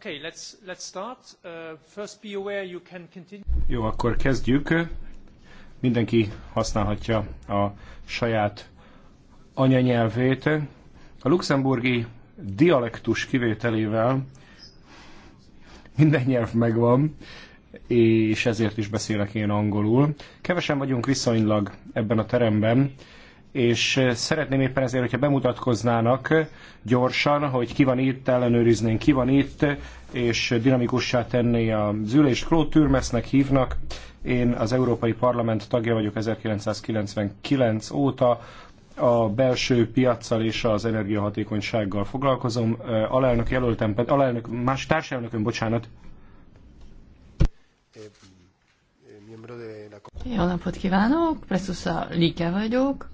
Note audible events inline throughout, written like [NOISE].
Okay, let's, let's start. Uh, first be aware you can continue. Jó, akkor kezdjük. Mindenki használhatja a saját anyanyelvét. A luxemburgi dialektus kivételével minden nyelv megvan, és ezért is beszélek én angolul. Kevesen vagyunk viszonylag ebben a teremben, és eh, szeretném éppen ezért, hogyha bemutatkoznának eh, gyorsan, hogy ki van itt, ellenőriznénk, ki van itt, eh, és dinamikussá tenni a zülést. Claude Türmesnek hívnak, én az Európai Parlament tagja vagyok 1999 óta, a belső piaccal és az energiahatékonysággal foglalkozom. Alelnök jelöltem, alelnök, más társelnököm, bocsánat. Jó napot kívánok, Presszusza Like vagyok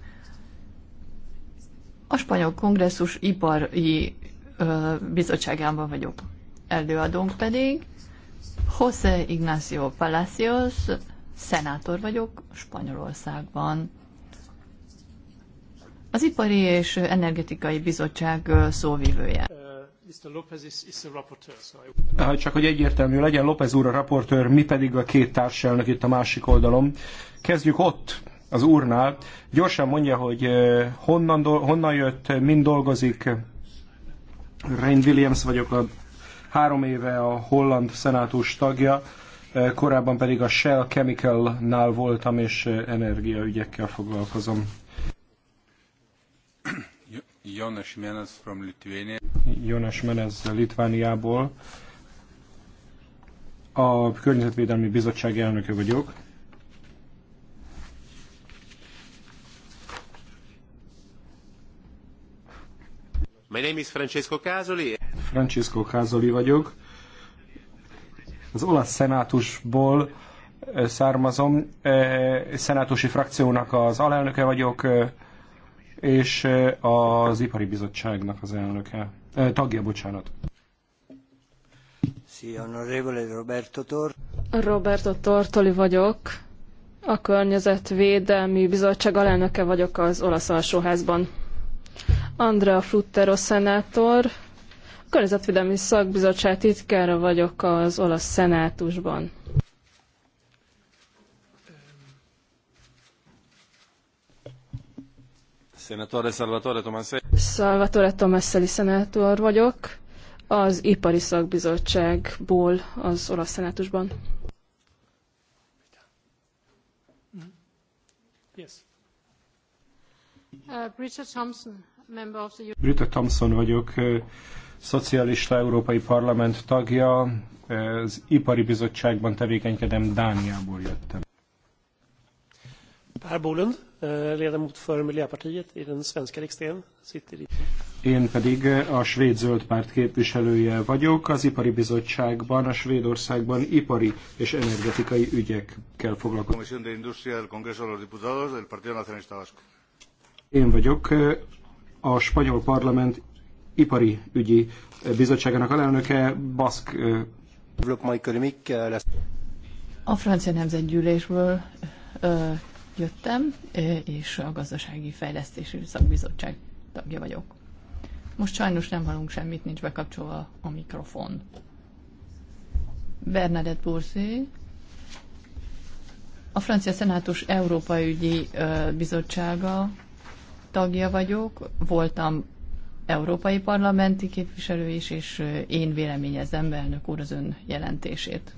a spanyol kongresszus ipari ö, bizottságában vagyok. Előadónk pedig José Ignacio Palacios, szenátor vagyok Spanyolországban. Az Ipari és Energetikai Bizottság szóvivője. Uh, csak hogy egyértelmű legyen, López úr a raportőr, mi pedig a két társelnök itt a másik oldalon. Kezdjük ott, az úrnál, gyorsan mondja, hogy honnan, honnan jött, mind dolgozik. Rain Williams vagyok, a három éve a holland szenátus tagja, korábban pedig a Shell Chemical-nál voltam, és energiaügyekkel foglalkozom. Jonas Menez from Lithuania. Jonas Menez Litvániából. A Környezetvédelmi Bizottság elnöke vagyok. My name is Francesco Casoli. Francesco vagyok. Az olasz szenátusból származom. Szenátusi frakciónak az alelnöke vagyok, és az Ipari Bizottságnak az elnöke. Tagja, bocsánat. Sì, onorevole Roberto Tor. Roberto Tortoli vagyok. A Környezetvédelmi Bizottság alelnöke vagyok az olasz alsóházban. Andrea Fruttero szenátor, a Környezetvédelmi Szakbizottság titkára vagyok az olasz szenátusban. Szenatore Salvatore Tomaselli. Salvatore Tomasselli szenátor vagyok, az Ipari Szakbizottságból az olasz szenátusban. Yes. Uh, Richard Thompson. Brüta Thompson vagyok, szocialista európai parlament tagja, az ipari bizottságban tevékenykedem, Dániából jöttem. Per Bolund, ledamot för Miljöpartiet i den svenska riksdagen, sitter i... Én pedig a svéd zöld párt képviselője vagyok. Az Ipari Bizottságban, a Svédországban ipari és energetikai ügyekkel foglalkozom. Én vagyok a spanyol parlament ipari ügyi bizottságának alelnöke, Baszk. A francia nemzetgyűlésből ö, jöttem, és a gazdasági fejlesztési szakbizottság tagja vagyok. Most sajnos nem hallunk semmit, nincs bekapcsolva a mikrofon. Bernadette Bourzé, a francia szenátus Európai Ügyi Bizottsága tagja vagyok, voltam európai parlamenti képviselő is, és én véleményezem elnök úr az ön jelentését.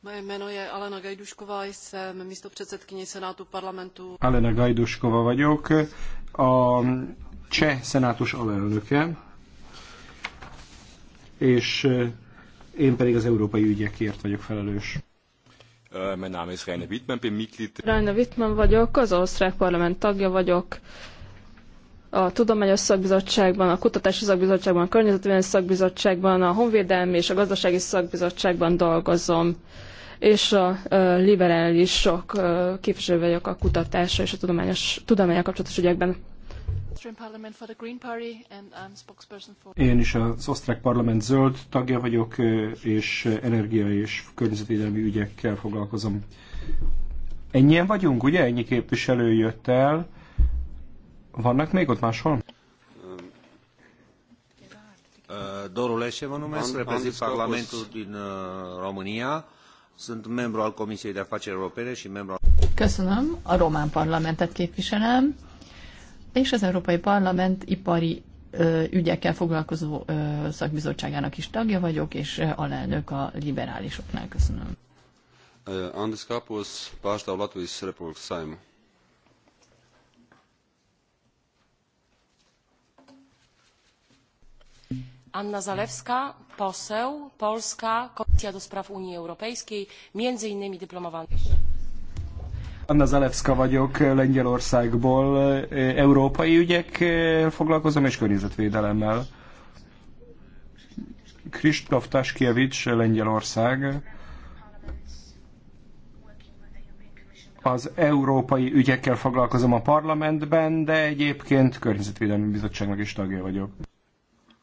Moje jméno je Alena Gajduškova, jsem místopředsedkyně Senátu parlamentu. Alena Gajduškova vagyok, a cseh senátus alelnöke, és én pedig az európai ügyekért vagyok felelős. Mein Name ist Rainer Wittmann, bin Mitglied... Rainer Wittmann vagyok, az osztrák parlament tagja vagyok. A Tudományos Szakbizottságban, a Kutatási Szakbizottságban, a Környezetvédelmi Szakbizottságban, a Honvédelmi és a Gazdasági Szakbizottságban dolgozom és a liberálisok képviselő vagyok a kutatásra és a tudományos, tudományos kapcsolatos ügyekben. Én is az osztrák parlament zöld tagja vagyok, és energia és környezetvédelmi ügyekkel foglalkozom. Ennyien vagyunk, ugye? Ennyi képviselő jött el. Vannak még ott máshol? Doru Leșe mă numesc, reprezint Parlamentul din România, sunt membru al Comisiei de Afaceri Europene și membru al... Köszönöm, a Román Parlamentet képviselem és az Európai Parlament ipari ügyekkel foglalkozó szakbizottságának is tagja vagyok, és alelnök a liberálisoknál. Köszönöm. Andis Kapus, pārstāv Latvijas Republik Szájma. Anna Zalewska, poseł, Polska, Komisja do Spraw Unii Europejskiej, między innymi dyplomowana. Anna Zalewska vagyok Lengyelországból, európai ügyekkel eh, foglalkozom és környezetvédelemmel. Kristóf Taskiewicz, Lengyelország. Az európai ügyekkel foglalkozom a parlamentben, de egyébként környezetvédelmi bizottságnak is tagja vagyok.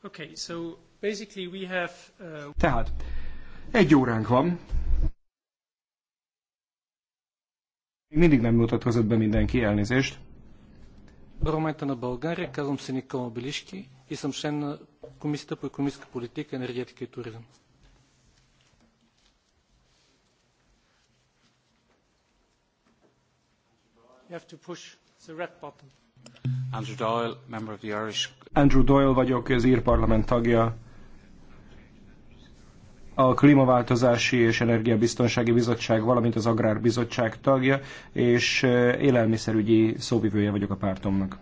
Okay, so basically we have, uh... Tehát egy óránk van, Még mindig nem mutatkozott be mindenki, elnézést. Парламента на България, казвам се Никола Белишки и съм член на Комисията по економическа политика, енергетика и You have to push the red button. Andrew Doyle, member of the Irish. Andrew Doyle vagyok, az ír parlament tagja a Klímaváltozási és Energiabiztonsági Bizottság, valamint az Agrárbizottság tagja, és élelmiszerügyi szóvivője vagyok a pártomnak.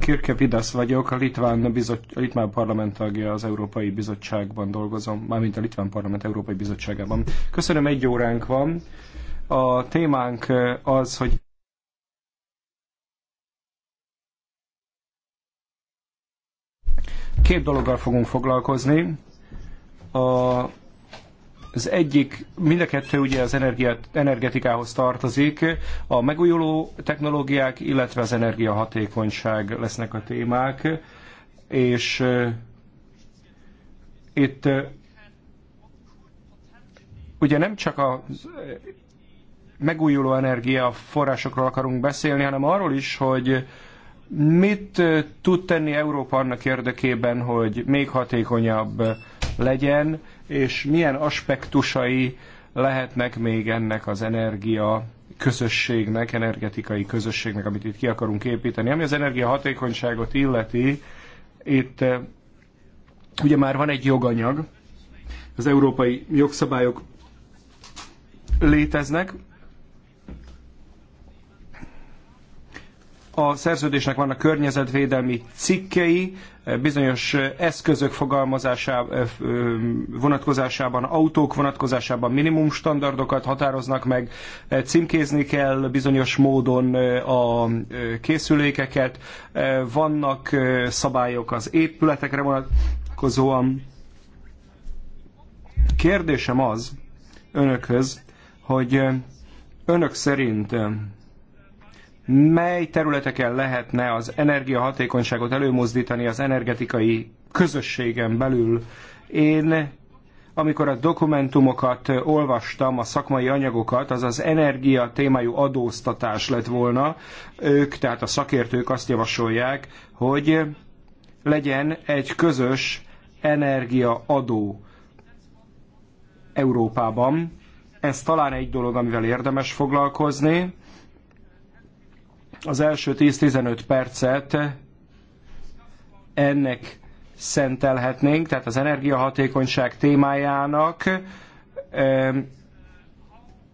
Kirke Vidasz vagyok, a Litván, bizot, a Litván parlament tagja az Európai Bizottságban dolgozom, mármint a Litván Parlament Európai Bizottságában. Köszönöm, egy óránk van. A témánk az, hogy két dologgal fogunk foglalkozni. A, az egyik, mind a kettő ugye az energiát, energetikához tartozik, a megújuló technológiák, illetve az energiahatékonyság lesznek a témák, és uh, itt uh, ugye nem csak az megújuló energia forrásokról akarunk beszélni, hanem arról is, hogy mit tud tenni Európa annak érdekében, hogy még hatékonyabb legyen, és milyen aspektusai lehetnek még ennek az energia közösségnek, energetikai közösségnek, amit itt ki akarunk építeni. Ami az energia hatékonyságot illeti, itt ugye már van egy joganyag, az európai jogszabályok léteznek, A szerződésnek vannak környezetvédelmi cikkei, bizonyos eszközök fogalmazásá, vonatkozásában, autók vonatkozásában minimum standardokat határoznak meg, címkézni kell bizonyos módon a készülékeket, vannak szabályok az épületekre vonatkozóan. Kérdésem az önökhöz, hogy önök szerint mely területeken lehetne az energiahatékonyságot előmozdítani az energetikai közösségen belül. Én amikor a dokumentumokat olvastam, a szakmai anyagokat, az az energia témájú adóztatás lett volna. Ők, tehát a szakértők azt javasolják, hogy legyen egy közös energiaadó Európában. Ez talán egy dolog, amivel érdemes foglalkozni az első 10-15 percet ennek szentelhetnénk, tehát az energiahatékonyság témájának,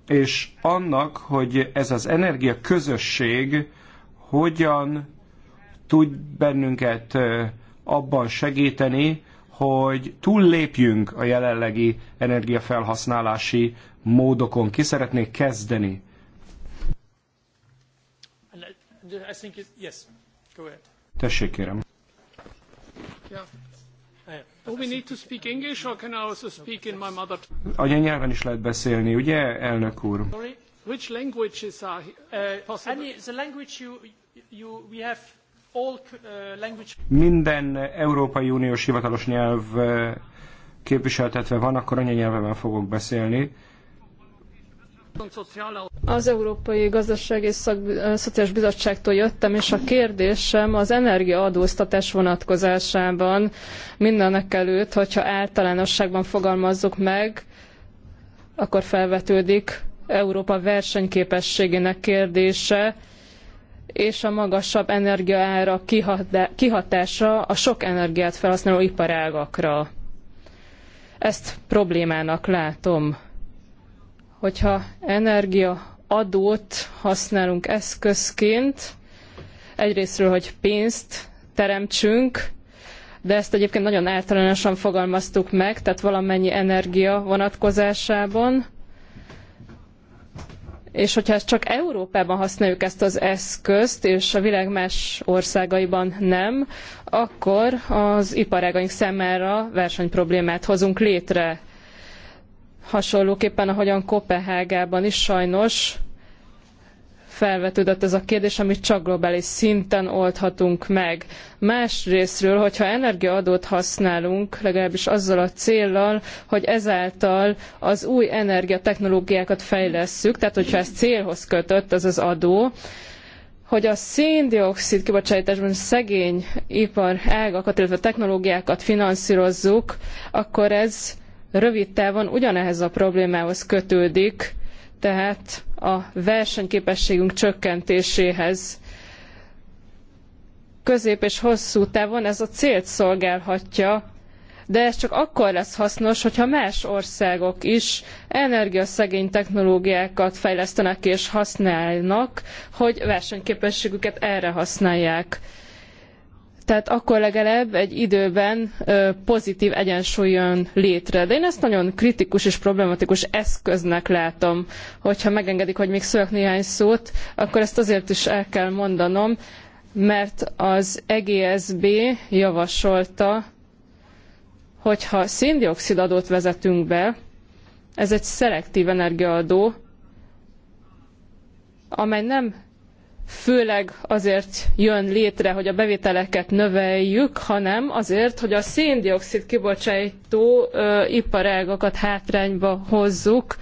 és annak, hogy ez az energia közösség hogyan tud bennünket abban segíteni, hogy túllépjünk a jelenlegi energiafelhasználási módokon. Ki szeretnék kezdeni? I think it, yes. Go ahead. Tessék, kérem. Yeah. Do we need to speak English, or can I also speak in my mother A nyelven is lehet beszélni, ugye, elnök úr? Sorry? Which languages are uh, possible? Any, the language you, you, we have all uh, language... Minden Európai Uniós hivatalos nyelv uh, képviseltetve van, akkor anyanyelvemen fogok beszélni. Az Európai Gazdaság és Szociális Bizottságtól jöttem, és a kérdésem az energiaadóztatás vonatkozásában mindenek előtt, hogyha általánosságban fogalmazzuk meg, akkor felvetődik Európa versenyképességének kérdése, és a magasabb energiaára kihatása a sok energiát felhasználó iparágakra. Ezt problémának látom hogyha energia adót használunk eszközként, egyrésztről, hogy pénzt teremtsünk, de ezt egyébként nagyon általánosan fogalmaztuk meg, tehát valamennyi energia vonatkozásában. És hogyha ezt csak Európában használjuk ezt az eszközt, és a világ más országaiban nem, akkor az iparágaink számára versenyproblémát hozunk létre. Hasonlóképpen, ahogyan Kopenhágában is sajnos felvetődött ez a kérdés, amit csak globális szinten oldhatunk meg. részről, hogyha energiaadót használunk, legalábbis azzal a céllal, hogy ezáltal az új energiatechnológiákat fejlesszük, tehát hogyha ez célhoz kötött, ez az adó, hogy a széndiokszid kibocsátásban szegény ipar ágakat, illetve technológiákat finanszírozzuk, akkor ez rövid távon ugyanehhez a problémához kötődik, tehát a versenyképességünk csökkentéséhez. Közép és hosszú távon ez a célt szolgálhatja, de ez csak akkor lesz hasznos, hogyha más országok is energiaszegény technológiákat fejlesztenek és használnak, hogy versenyképességüket erre használják tehát akkor legalább egy időben pozitív egyensúly jön létre. De én ezt nagyon kritikus és problematikus eszköznek látom. Hogyha megengedik, hogy még szóljak néhány szót, akkor ezt azért is el kell mondanom, mert az EGSB javasolta, hogyha széndiokszid adót vezetünk be, ez egy szelektív energiaadó, amely nem főleg azért jön létre, hogy a bevételeket növeljük, hanem azért, hogy a széndiokszid kibocsátó iparágakat hátrányba hozzuk,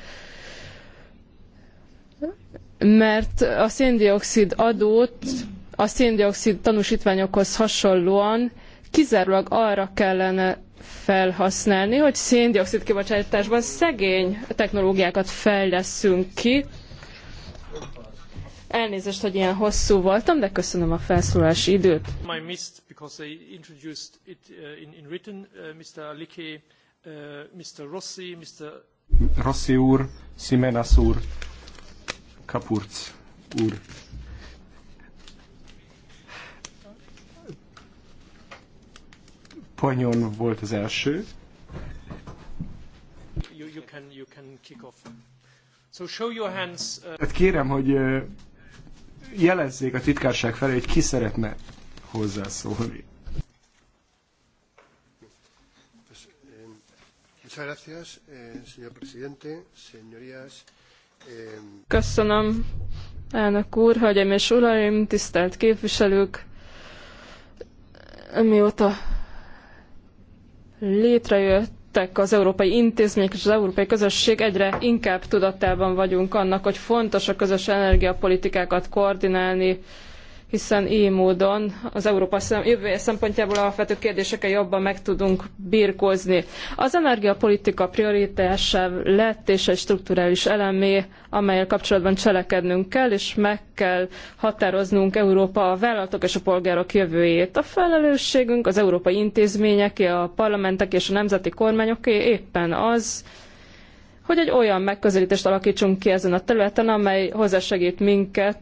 mert a széndiokszid adót a széndiokszid tanúsítványokhoz hasonlóan kizárólag arra kellene felhasználni, hogy széndiokszid kibocsátásban szegény technológiákat fejleszünk ki, Elnézést, hogy ilyen hosszú voltam, de köszönöm a felszólási időt. My missed because they introduced it uh, in, in written, uh, Mr. Liké, uh, Mr. Rossi, Mr. Rossi úr, Simenas úr, Kapurc úr. Panyon volt az első. You, you can, you can kick off. So show your hands, uh... Hát kérem, hogy uh, jelezzék a titkárság felé, hogy ki szeretne hozzászólni. Eh, Köszönöm, elnök úr, hölgyeim és uraim, tisztelt képviselők! Mióta létrejött tettek az európai intézmények és az európai közösség, egyre inkább tudatában vagyunk annak, hogy fontos a közös energiapolitikákat koordinálni, hiszen így módon az Európa jövője szempontjából alapvető kérdésekkel jobban meg tudunk birkózni. Az energiapolitika prioritása lett és egy strukturális elemé, amelyel kapcsolatban cselekednünk kell, és meg kell határoznunk Európa a vállalatok és a polgárok jövőjét. A felelősségünk az európai intézményeké, a parlamentek és a nemzeti kormányoké éppen az, hogy egy olyan megközelítést alakítsunk ki ezen a területen, amely hozzásegít minket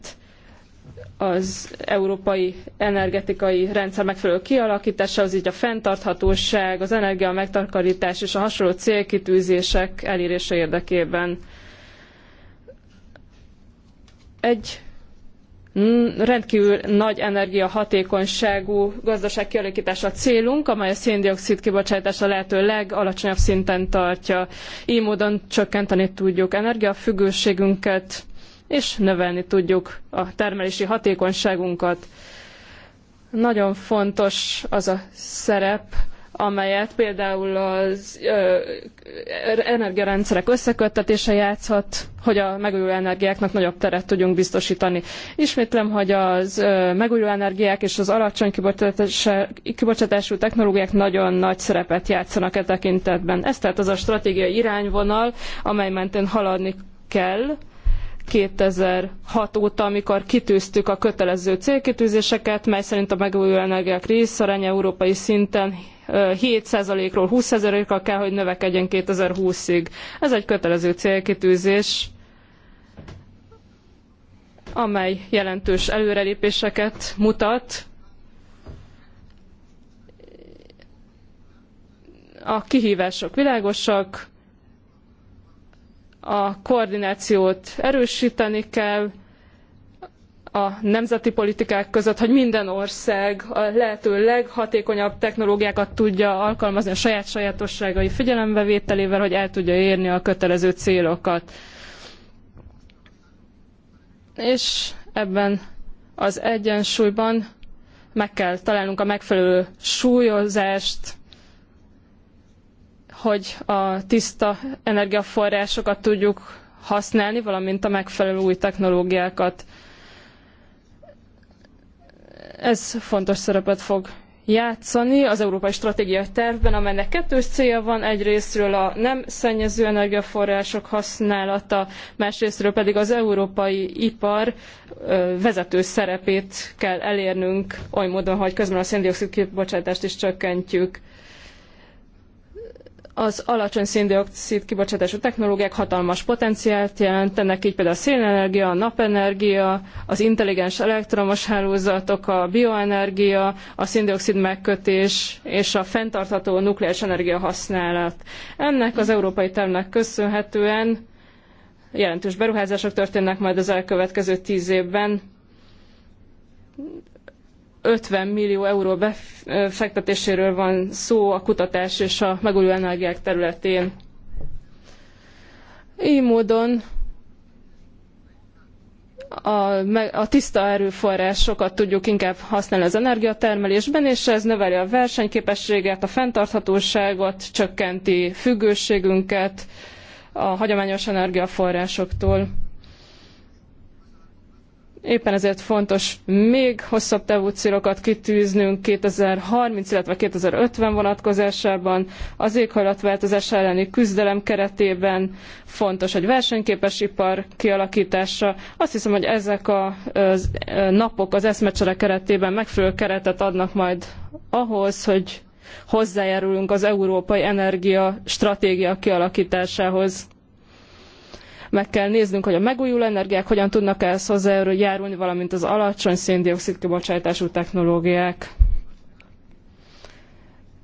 az európai energetikai rendszer megfelelő kialakítása, az így a fenntarthatóság, az energia megtakarítás és a hasonló célkitűzések elérése érdekében. Egy rendkívül nagy energiahatékonyságú gazdaság kialakítása a célunk, amely a széndiokszid kibocsátása lehető legalacsonyabb szinten tartja. Így módon csökkenteni tudjuk energiafüggőségünket, és növelni tudjuk a termelési hatékonyságunkat. Nagyon fontos az a szerep, amelyet például az energiarendszerek összeköttetése játszhat, hogy a megújuló energiáknak nagyobb teret tudjunk biztosítani. Ismétlem, hogy az ö, megújuló energiák és az alacsony kibocsátású technológiák nagyon nagy szerepet játszanak e tekintetben. Ez tehát az a stratégiai irányvonal, amely mentén haladni kell 2006 óta, amikor kitűztük a kötelező célkitűzéseket, mely szerint a megújuló energiák részaránya európai szinten 7%-ról 20%-ra kell, hogy növekedjen 2020-ig. Ez egy kötelező célkitűzés, amely jelentős előrelépéseket mutat, a kihívások világosak, a koordinációt erősíteni kell a nemzeti politikák között, hogy minden ország a lehető leghatékonyabb technológiákat tudja alkalmazni a saját sajátosságai figyelembevételével, hogy el tudja érni a kötelező célokat. És ebben az egyensúlyban meg kell találnunk a megfelelő súlyozást, hogy a tiszta energiaforrásokat tudjuk használni, valamint a megfelelő új technológiákat. Ez fontos szerepet fog játszani az Európai Stratégia Tervben, amelynek kettős célja van, egyrésztről a nem szennyező energiaforrások használata, másrésztről pedig az európai ipar vezető szerepét kell elérnünk oly módon, hogy közben a széndiokszid kibocsátást is csökkentjük az alacsony széndiokszid kibocsátású technológiák hatalmas potenciált jelentenek, így például a szénenergia, a napenergia, az intelligens elektromos hálózatok, a bioenergia, a széndiokszid megkötés és a fenntartható nukleáris energia használat. Ennek az európai tervnek köszönhetően jelentős beruházások történnek majd az elkövetkező tíz évben, 50 millió euró befektetéséről van szó a kutatás és a megújuló energiák területén. Így módon a, a, tiszta erőforrásokat tudjuk inkább használni az energiatermelésben, és ez növeli a versenyképességet, a fenntarthatóságot, csökkenti függőségünket a hagyományos energiaforrásoktól. Éppen ezért fontos még hosszabb távú célokat kitűznünk 2030, illetve 2050 vonatkozásában, az éghajlatváltozás elleni küzdelem keretében fontos egy versenyképes ipar kialakítása. Azt hiszem, hogy ezek a napok az eszmecsere keretében megfelelő keretet adnak majd ahhoz, hogy hozzájárulunk az európai energia stratégia kialakításához meg kell néznünk, hogy a megújuló energiák hogyan tudnak ehhez hozzájárulni, valamint az alacsony széndiokszid kibocsátású technológiák.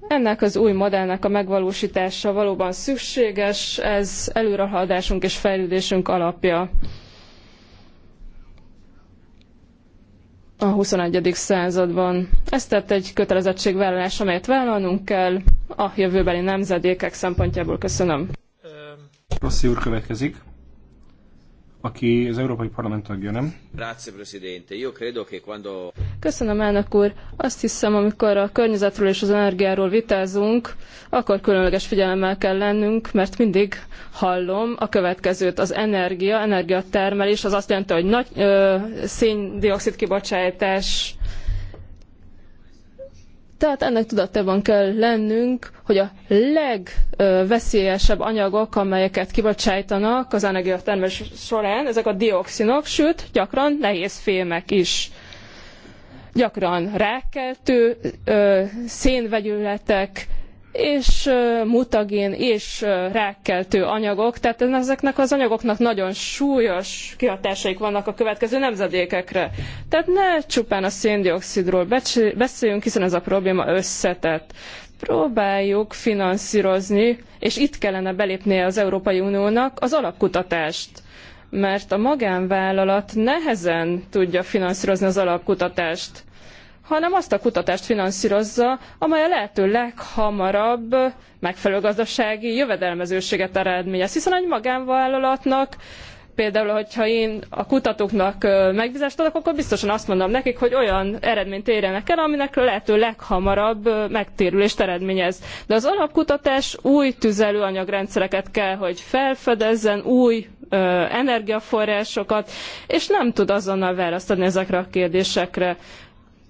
Ennek az új modellnek a megvalósítása valóban szükséges, ez előrehaladásunk és fejlődésünk alapja. a 21. században. Ez tett egy kötelezettségvállalás, amelyet vállalnunk kell a jövőbeli nemzedékek szempontjából. Köszönöm. Rossi úr következik aki az Európai Parlament tagja, nem? Köszönöm, elnök úr. Azt hiszem, amikor a környezetről és az energiáról vitázunk, akkor különleges figyelemmel kell lennünk, mert mindig hallom a következőt. Az energia, energiatermelés az azt jelenti, hogy nagy ö, széndiokszid kibocsátás tehát ennek tudatában kell lennünk, hogy a legveszélyesebb anyagok, amelyeket kibocsájtanak az energiatermelés során, ezek a dioxinok, sőt, gyakran nehéz fémek is. Gyakran rákkeltő szénvegyületek, és mutagén és rákkeltő anyagok, tehát ezeknek az anyagoknak nagyon súlyos kihatásaik vannak a következő nemzedékekre. Tehát ne csupán a széndiokszidról beszéljünk, hiszen ez a probléma összetett. Próbáljuk finanszírozni, és itt kellene belépnie az Európai Uniónak az alapkutatást mert a magánvállalat nehezen tudja finanszírozni az alapkutatást hanem azt a kutatást finanszírozza, amely a lehető leghamarabb megfelelő gazdasági jövedelmezőséget eredményez. Hiszen egy magánvállalatnak például, hogyha én a kutatóknak megbízást adok, akkor biztosan azt mondom nekik, hogy olyan eredményt érjenek el, aminek lehető leghamarabb megtérülést eredményez. De az alapkutatás új tüzelőanyagrendszereket kell, hogy felfedezzen, új energiaforrásokat, és nem tud azonnal választ adni ezekre a kérdésekre.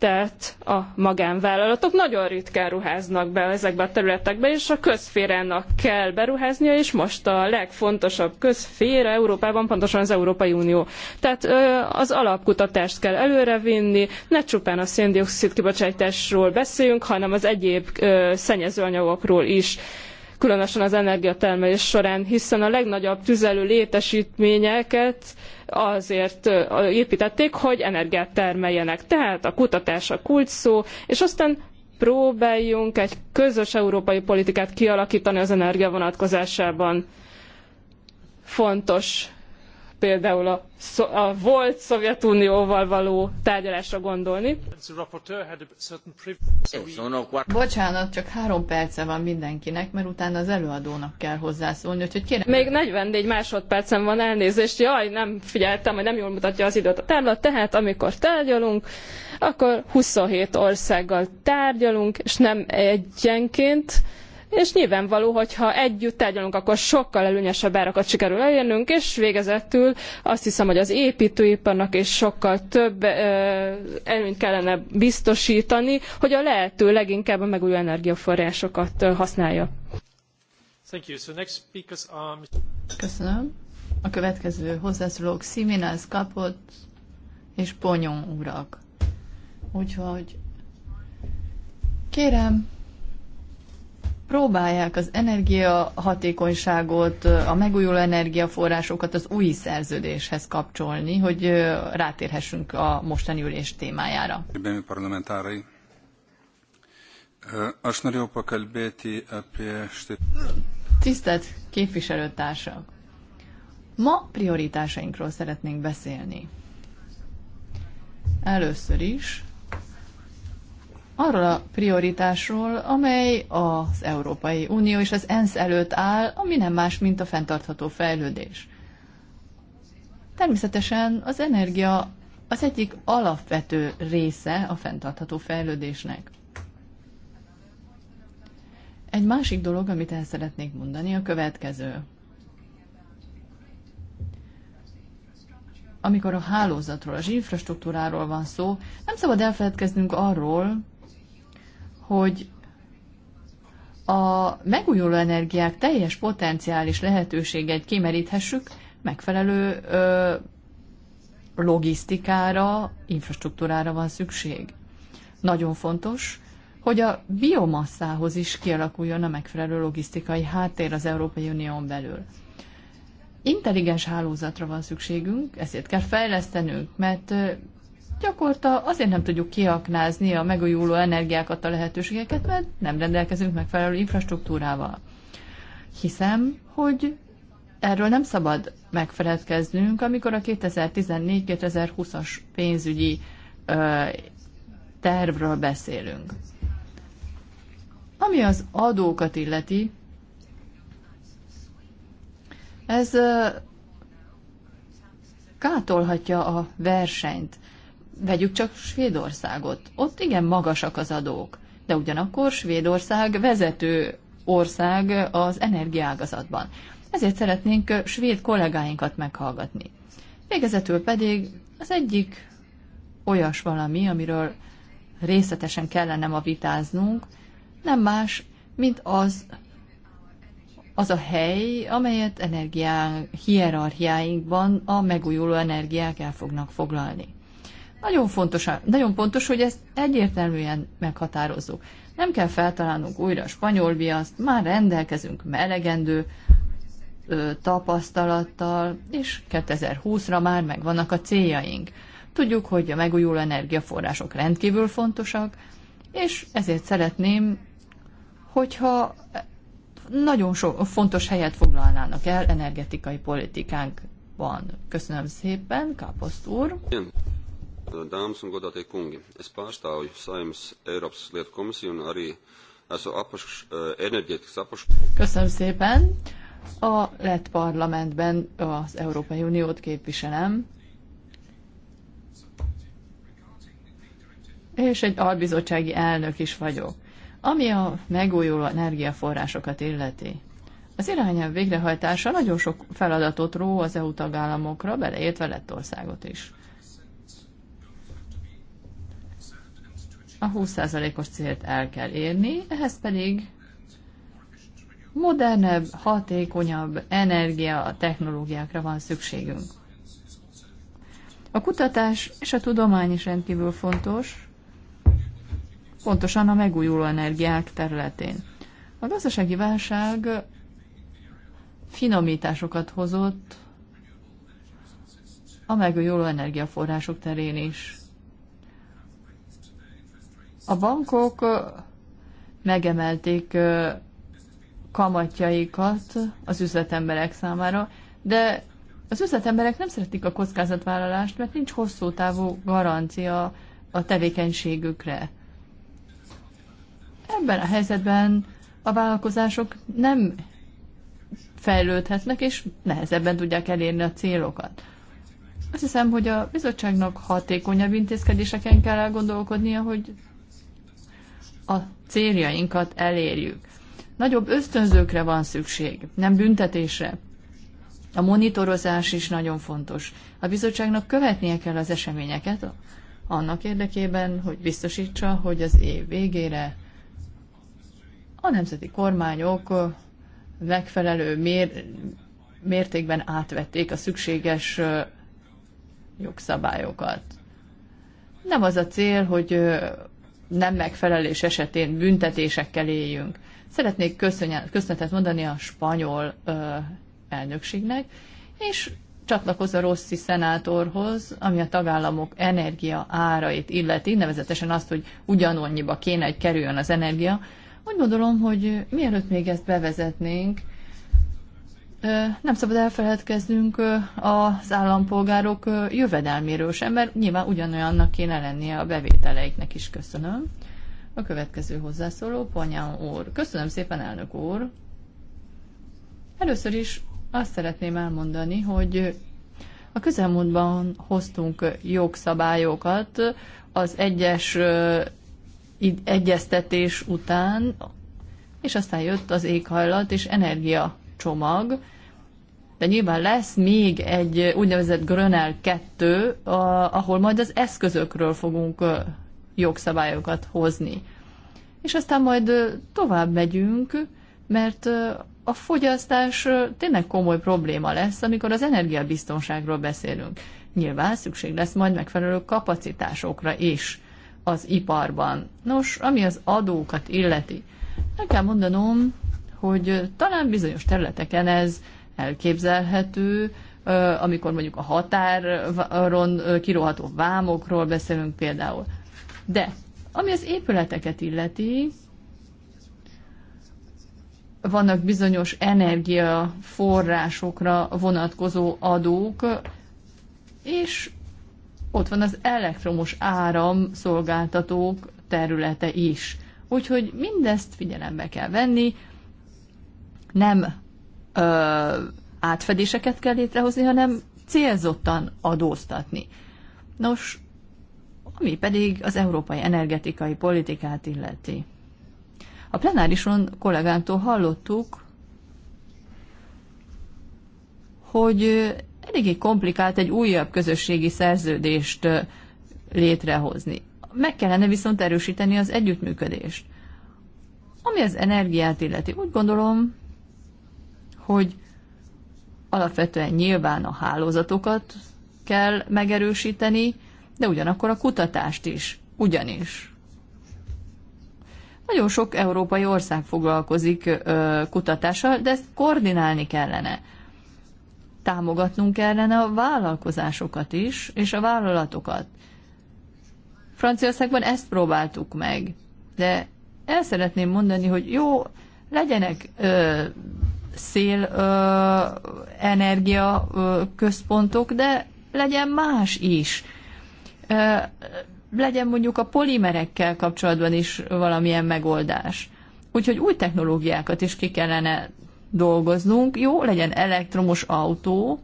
Tehát a magánvállalatok nagyon ritkán ruháznak be ezekbe a területekbe, és a közférának kell beruháznia, és most a legfontosabb közféra Európában pontosan az Európai Unió. Tehát az alapkutatást kell előrevinni, ne csupán a széndiokszid kibocsátásról beszéljünk, hanem az egyéb szennyezőanyagokról is különösen az energiatermelés során, hiszen a legnagyobb tüzelő létesítményeket azért építették, hogy energiát termeljenek. Tehát a kutatás a kulcs szó, és aztán próbáljunk egy közös európai politikát kialakítani az energia vonatkozásában. Fontos például a, a volt Szovjetunióval való tárgyalásra gondolni. Bocsánat, csak három perce van mindenkinek, mert utána az előadónak kell hozzászólni, úgyhogy kérem. Még 44 másodpercen van elnézést, jaj, nem figyeltem, hogy nem jól mutatja az időt a tábla, tehát amikor tárgyalunk, akkor 27 országgal tárgyalunk, és nem egyenként, és nyilvánvaló, hogy ha együtt tárgyalunk, akkor sokkal előnyesebb árakat sikerül elérnünk, és végezetül azt hiszem, hogy az építőiparnak is sokkal több előnyt kellene biztosítani, hogy a lehető leginkább a megújuló energiaforrásokat használja. Köszönöm. A következő hozzászólók Siminász kapott és Ponyon urak. Úgyhogy kérem, próbálják az energiahatékonyságot, a megújuló energiaforrásokat az új szerződéshez kapcsolni, hogy rátérhessünk a mostani ülés témájára. Parlamentárai. parlamentári. Tisztelt képviselőtársak! Ma prioritásainkról szeretnénk beszélni. Először is arról a prioritásról, amely az Európai Unió és az ENSZ előtt áll, ami nem más, mint a fenntartható fejlődés. Természetesen az energia az egyik alapvető része a fenntartható fejlődésnek. Egy másik dolog, amit el szeretnék mondani, a következő. Amikor a hálózatról, az infrastruktúráról van szó, nem szabad elfeledkeznünk arról, hogy a megújuló energiák teljes potenciális lehetőséget kimeríthessük megfelelő ö, logisztikára, infrastruktúrára van szükség. Nagyon fontos, hogy a biomasszához is kialakuljon a megfelelő logisztikai háttér az Európai Unión belül. Intelligens hálózatra van szükségünk, ezért kell fejlesztenünk, mert gyakorta azért nem tudjuk kiaknázni a megújuló energiákat, a lehetőségeket, mert nem rendelkezünk megfelelő infrastruktúrával. Hiszem, hogy erről nem szabad megfeledkeznünk, amikor a 2014-2020-as pénzügyi ö, tervről beszélünk. Ami az adókat illeti, ez ö, kátolhatja a versenyt. Vegyük csak Svédországot. Ott igen magasak az adók, de ugyanakkor Svédország vezető ország az energiágazatban. Ezért szeretnénk svéd kollégáinkat meghallgatni. Végezetül pedig az egyik olyas valami, amiről részletesen kellene ma vitáznunk, nem más, mint az, az a hely, amelyet energiá hierarchiáinkban a megújuló energiák el fognak foglalni. Nagyon fontos, nagyon pontos, hogy ezt egyértelműen meghatározzuk. Nem kell feltalálnunk újra a spanyol viaszt, már rendelkezünk melegendő ö, tapasztalattal, és 2020-ra már megvannak a céljaink. Tudjuk, hogy a megújuló energiaforrások rendkívül fontosak, és ezért szeretném, hogyha nagyon so- fontos helyet foglalnának el energetikai politikánkban. Köszönöm szépen, Káposzt úr. Dāmas un godātie kungi, es pārstāvu Saimnes Eiropas Lietu Komisiju un arī esmu apakš, eh, enerģētikas apakš. Köszönöm szépen! A lett parlamentben az Európai Uniót képviselem, és egy albizottsági elnök is vagyok. Ami a megújuló energiaforrásokat illeti, az irányelv végrehajtása nagyon sok feladatot ró az EU tagállamokra, beleértve Lettországot is. a 20%-os célt el kell érni, ehhez pedig modernebb, hatékonyabb energia technológiákra van szükségünk. A kutatás és a tudomány is rendkívül fontos, pontosan a megújuló energiák területén. A gazdasági válság finomításokat hozott a megújuló energiaforrások terén is. A bankok megemelték kamatjaikat az üzletemberek számára, de az üzletemberek nem szeretik a kockázatvállalást, mert nincs hosszú távú garancia a tevékenységükre. Ebben a helyzetben a vállalkozások nem fejlődhetnek, és nehezebben tudják elérni a célokat. Azt hiszem, hogy a bizottságnak hatékonyabb intézkedéseken kell elgondolkodnia, hogy a céljainkat elérjük. Nagyobb ösztönzőkre van szükség, nem büntetésre. A monitorozás is nagyon fontos. A bizottságnak követnie kell az eseményeket annak érdekében, hogy biztosítsa, hogy az év végére a nemzeti kormányok megfelelő mér, mértékben átvették a szükséges jogszabályokat. Nem az a cél, hogy nem megfelelés esetén büntetésekkel éljünk. Szeretnék köszönetet mondani a spanyol ö, elnökségnek, és csatlakozza Rossi szenátorhoz, ami a tagállamok energia árait illeti, nevezetesen azt, hogy ugyanannyiba kéne, hogy kerüljön az energia. Úgy gondolom, hogy mielőtt még ezt bevezetnénk, nem szabad elfeledkeznünk az állampolgárok jövedelméről sem, mert nyilván ugyanolyannak kéne lennie a bevételeiknek is. Köszönöm. A következő hozzászóló, Panyán úr. Köszönöm szépen, elnök úr. Először is azt szeretném elmondani, hogy a közelmúltban hoztunk jogszabályokat az egyes egyeztetés után, és aztán jött az éghajlat és energia csomag, de nyilván lesz még egy úgynevezett Grönel 2, ahol majd az eszközökről fogunk jogszabályokat hozni. És aztán majd tovább megyünk, mert a fogyasztás tényleg komoly probléma lesz, amikor az energiabiztonságról beszélünk. Nyilván szükség lesz majd megfelelő kapacitásokra is az iparban. Nos, ami az adókat illeti, el kell mondanom, hogy talán bizonyos területeken ez elképzelhető, amikor mondjuk a határon kiroható vámokról beszélünk például. De ami az épületeket illeti, vannak bizonyos energiaforrásokra vonatkozó adók, és ott van az elektromos áram szolgáltatók területe is. Úgyhogy mindezt figyelembe kell venni, nem ö, átfedéseket kell létrehozni, hanem célzottan adóztatni. Nos, ami pedig az európai energetikai politikát illeti. A plenárison kollégánktól hallottuk, hogy eléggé komplikált egy újabb közösségi szerződést létrehozni. Meg kellene viszont erősíteni az együttműködést. Ami az energiát illeti, úgy gondolom, hogy alapvetően nyilván a hálózatokat kell megerősíteni, de ugyanakkor a kutatást is, ugyanis. Nagyon sok európai ország foglalkozik ö, kutatással, de ezt koordinálni kellene. Támogatnunk kellene a vállalkozásokat is, és a vállalatokat. Franciaországban ezt próbáltuk meg, de el szeretném mondani, hogy jó, legyenek ö, szél energia központok, de legyen más is. Legyen mondjuk a polimerekkel kapcsolatban is valamilyen megoldás. Úgyhogy új technológiákat is ki kellene dolgoznunk. Jó, legyen elektromos autó,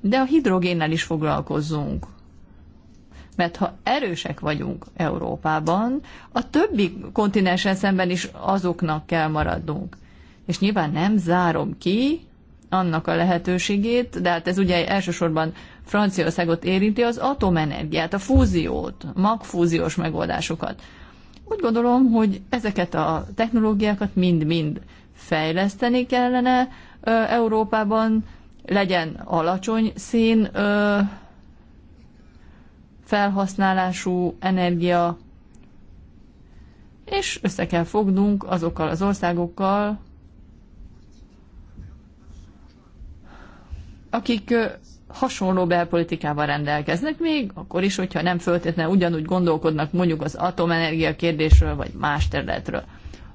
de a hidrogénnel is foglalkozzunk. Mert ha erősek vagyunk Európában, a többi kontinensen szemben is azoknak kell maradnunk és nyilván nem zárom ki annak a lehetőségét, de hát ez ugye elsősorban Franciaországot érinti, az atomenergiát, a fúziót, magfúziós megoldásokat. Úgy gondolom, hogy ezeket a technológiákat mind-mind fejleszteni kellene Európában, legyen alacsony ö, felhasználású energia, és össze kell fognunk azokkal az országokkal, akik hasonló belpolitikával rendelkeznek, még akkor is, hogyha nem föltétlenül ugyanúgy gondolkodnak mondjuk az atomenergia kérdésről, vagy más területről.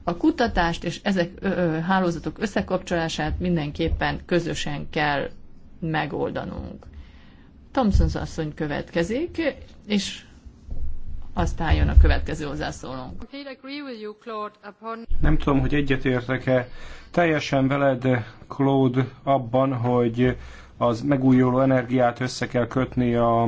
A kutatást és ezek ö, ö, hálózatok összekapcsolását mindenképpen közösen kell megoldanunk. Thompson asszony következik, és aztán jön a következő hozzászólónk. Nem tudom, hogy egyetértek-e teljesen veled, Claude, abban, hogy az megújuló energiát össze kell kötni a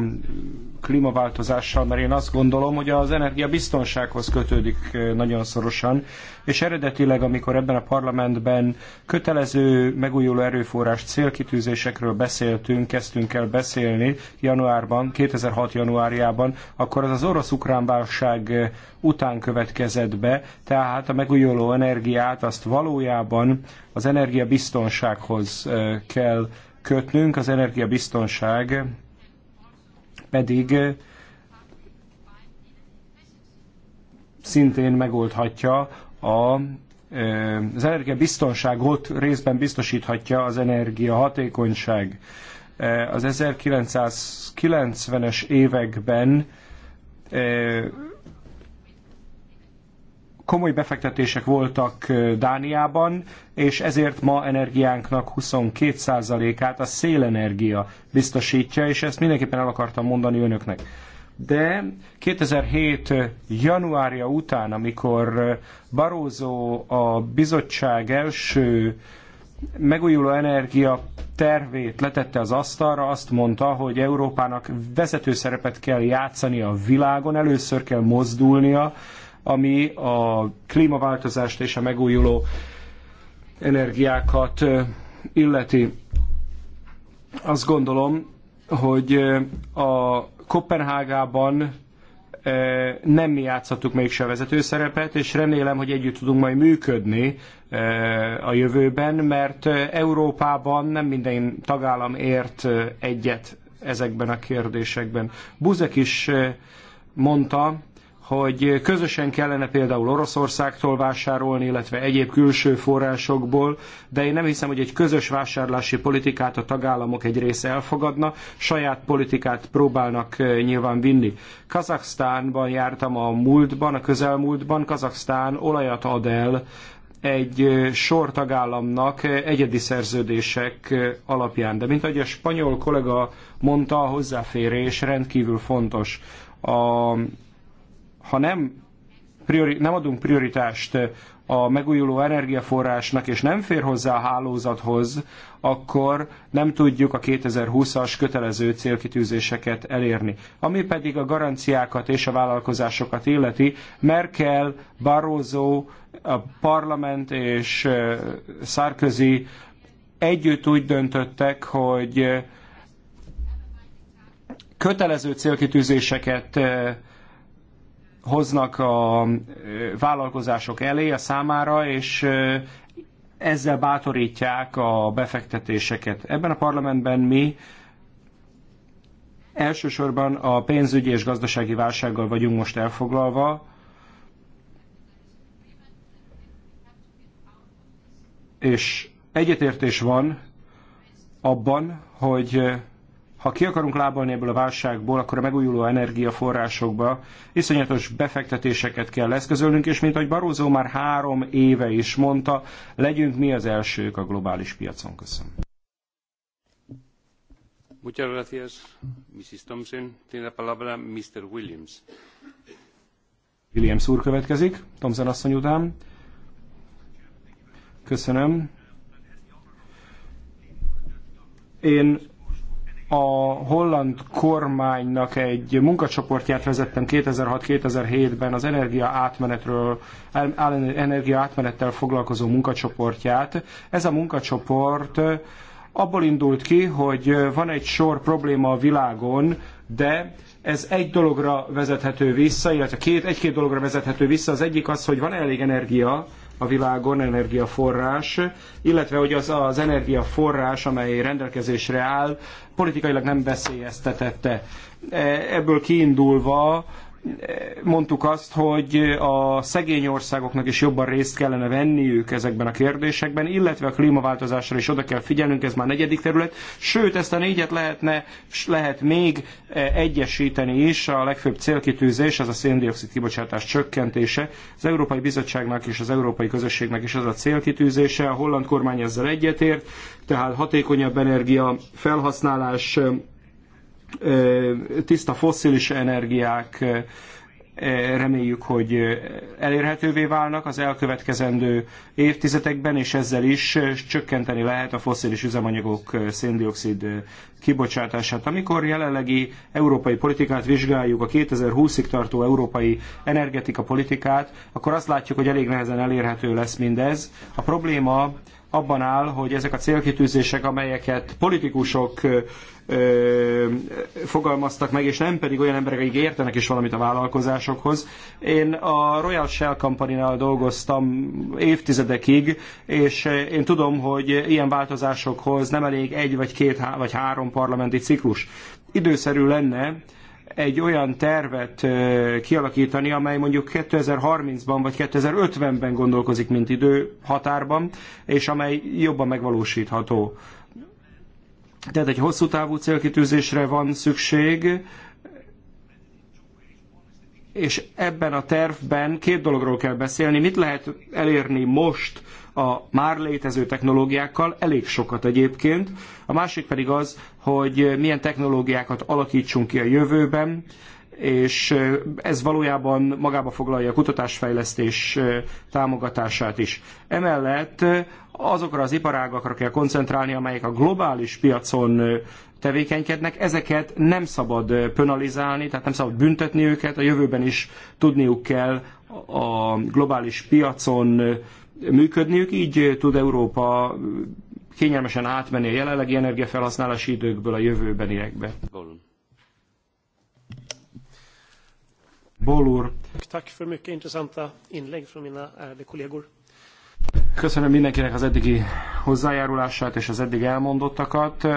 klímaváltozással, mert én azt gondolom, hogy az energia biztonsághoz kötődik eh, nagyon szorosan, és eredetileg, amikor ebben a parlamentben kötelező megújuló erőforrás célkitűzésekről beszéltünk, kezdtünk el beszélni januárban, 2006 januárjában, akkor az az orosz-ukrán válság eh, után következett be, tehát a megújuló energiát azt valójában az energiabiztonsághoz eh, kell kötnünk, az energiabiztonság pedig szintén megoldhatja a az energiabiztonságot részben biztosíthatja az energiahatékonyság. Az 1990-es években Komoly befektetések voltak Dániában, és ezért ma energiánknak 22%-át a szélenergia biztosítja, és ezt mindenképpen el akartam mondani önöknek. De 2007. januárja után, amikor Barózó a bizottság első megújuló energia tervét letette az asztalra, azt mondta, hogy Európának vezető szerepet kell játszani a világon, először kell mozdulnia, ami a klímaváltozást és a megújuló energiákat illeti. Azt gondolom, hogy a Kopenhágában nem mi játszhattuk mégse a vezető szerepet, és remélem, hogy együtt tudunk majd működni a jövőben, mert Európában nem minden tagállam ért egyet ezekben a kérdésekben. Buzek is mondta, hogy közösen kellene például Oroszországtól vásárolni, illetve egyéb külső forrásokból, de én nem hiszem, hogy egy közös vásárlási politikát a tagállamok egy része elfogadna, saját politikát próbálnak eh, nyilván vinni. Kazaksztánban jártam a múltban, a közelmúltban, Kazaksztán olajat ad el egy eh, sor tagállamnak eh, egyedi szerződések alapján. De mint ahogy a spanyol kollega mondta, a hozzáférés rendkívül fontos a ha nem, priori, nem adunk prioritást a megújuló energiaforrásnak, és nem fér hozzá a hálózathoz, akkor nem tudjuk a 2020-as kötelező célkitűzéseket elérni. Ami pedig a garanciákat és a vállalkozásokat illeti, Merkel, Barroso, a parlament és Sarkozy együtt úgy döntöttek, hogy kötelező célkitűzéseket hoznak a vállalkozások elé, a számára, és ezzel bátorítják a befektetéseket. Ebben a parlamentben mi elsősorban a pénzügyi és gazdasági válsággal vagyunk most elfoglalva, és egyetértés van abban, hogy ha ki akarunk lábalni ebből a válságból, akkor a megújuló energiaforrásokba iszonyatos befektetéseket kell eszközölnünk, és mint ahogy Barózó már három éve is mondta, legyünk mi az elsők a globális piacon. Köszönöm. Muchas gracias, Mrs. Thompson. Tiene la palabra Mr. Williams. Williams úr következik, Thompson asszony után. Köszönöm. Én a holland kormánynak egy munkacsoportját vezettem 2006-2007-ben az energia átmenetről, energia átmenettel foglalkozó munkacsoportját. Ez a munkacsoport abból indult ki, hogy van egy sor probléma a világon, de ez egy dologra vezethető vissza, illetve két, egy-két dologra vezethető vissza. Az egyik az, hogy van -e elég energia a világon energiaforrás, illetve hogy az az energiaforrás, amely rendelkezésre áll, politikailag nem veszélyeztetette. E, ebből kiindulva mondtuk azt, hogy a szegény országoknak is jobban részt kellene venniük ezekben a kérdésekben, illetve a klímaváltozásra is oda kell figyelnünk, ez már negyedik terület, sőt ezt a négyet lehetne, lehet még e, egyesíteni is, a legfőbb célkitűzés, az a széndiokszid kibocsátás csökkentése. Az Európai Bizottságnak és az Európai Közösségnek is az a célkitűzése, a holland kormány ezzel egyetért, tehát hatékonyabb energia felhasználás, tiszta fosszilis energiák reméljük, hogy elérhetővé válnak az elkövetkezendő évtizedekben, és ezzel is csökkenteni lehet a fosszilis üzemanyagok széndiokszid kibocsátását. Amikor jelenlegi európai politikát vizsgáljuk, a 2020-ig tartó európai energetika politikát, akkor azt látjuk, hogy elég nehezen elérhető lesz mindez. A probléma abban áll, hogy ezek a célkitűzések, amelyeket politikusok fogalmaztak meg, és nem pedig olyan emberek, akik értenek is valamit a vállalkozásokhoz. Én a Royal Shell Company-nál dolgoztam évtizedekig, és én tudom, hogy ilyen változásokhoz nem elég egy vagy két vagy három parlamenti ciklus. Időszerű lenne, egy olyan tervet kialakítani, amely mondjuk 2030-ban vagy 2050-ben gondolkozik, mint időhatárban, és amely jobban megvalósítható. Tehát egy hosszú távú célkitűzésre van szükség, és ebben a tervben két dologról kell beszélni. Mit lehet elérni most a már létező technológiákkal, elég sokat egyébként. A másik pedig az, hogy milyen technológiákat alakítsunk ki a jövőben, és ez valójában magába foglalja a kutatásfejlesztés támogatását is. Emellett azokra az iparágakra kell koncentrálni, amelyek a globális piacon tevékenykednek, ezeket nem szabad penalizálni, tehát nem szabad büntetni őket, a jövőben is tudniuk kell a globális piacon működniük, így tud Európa kényelmesen átmenni a jelenlegi energiafelhasználási időkből a jövőbeniekbe. Bolur. Tack för mycket intressanta inlägg från mina ärade kollegor. Köszönöm mindenkinek az eddigi hozzájárulását és az eddig elmondottakat.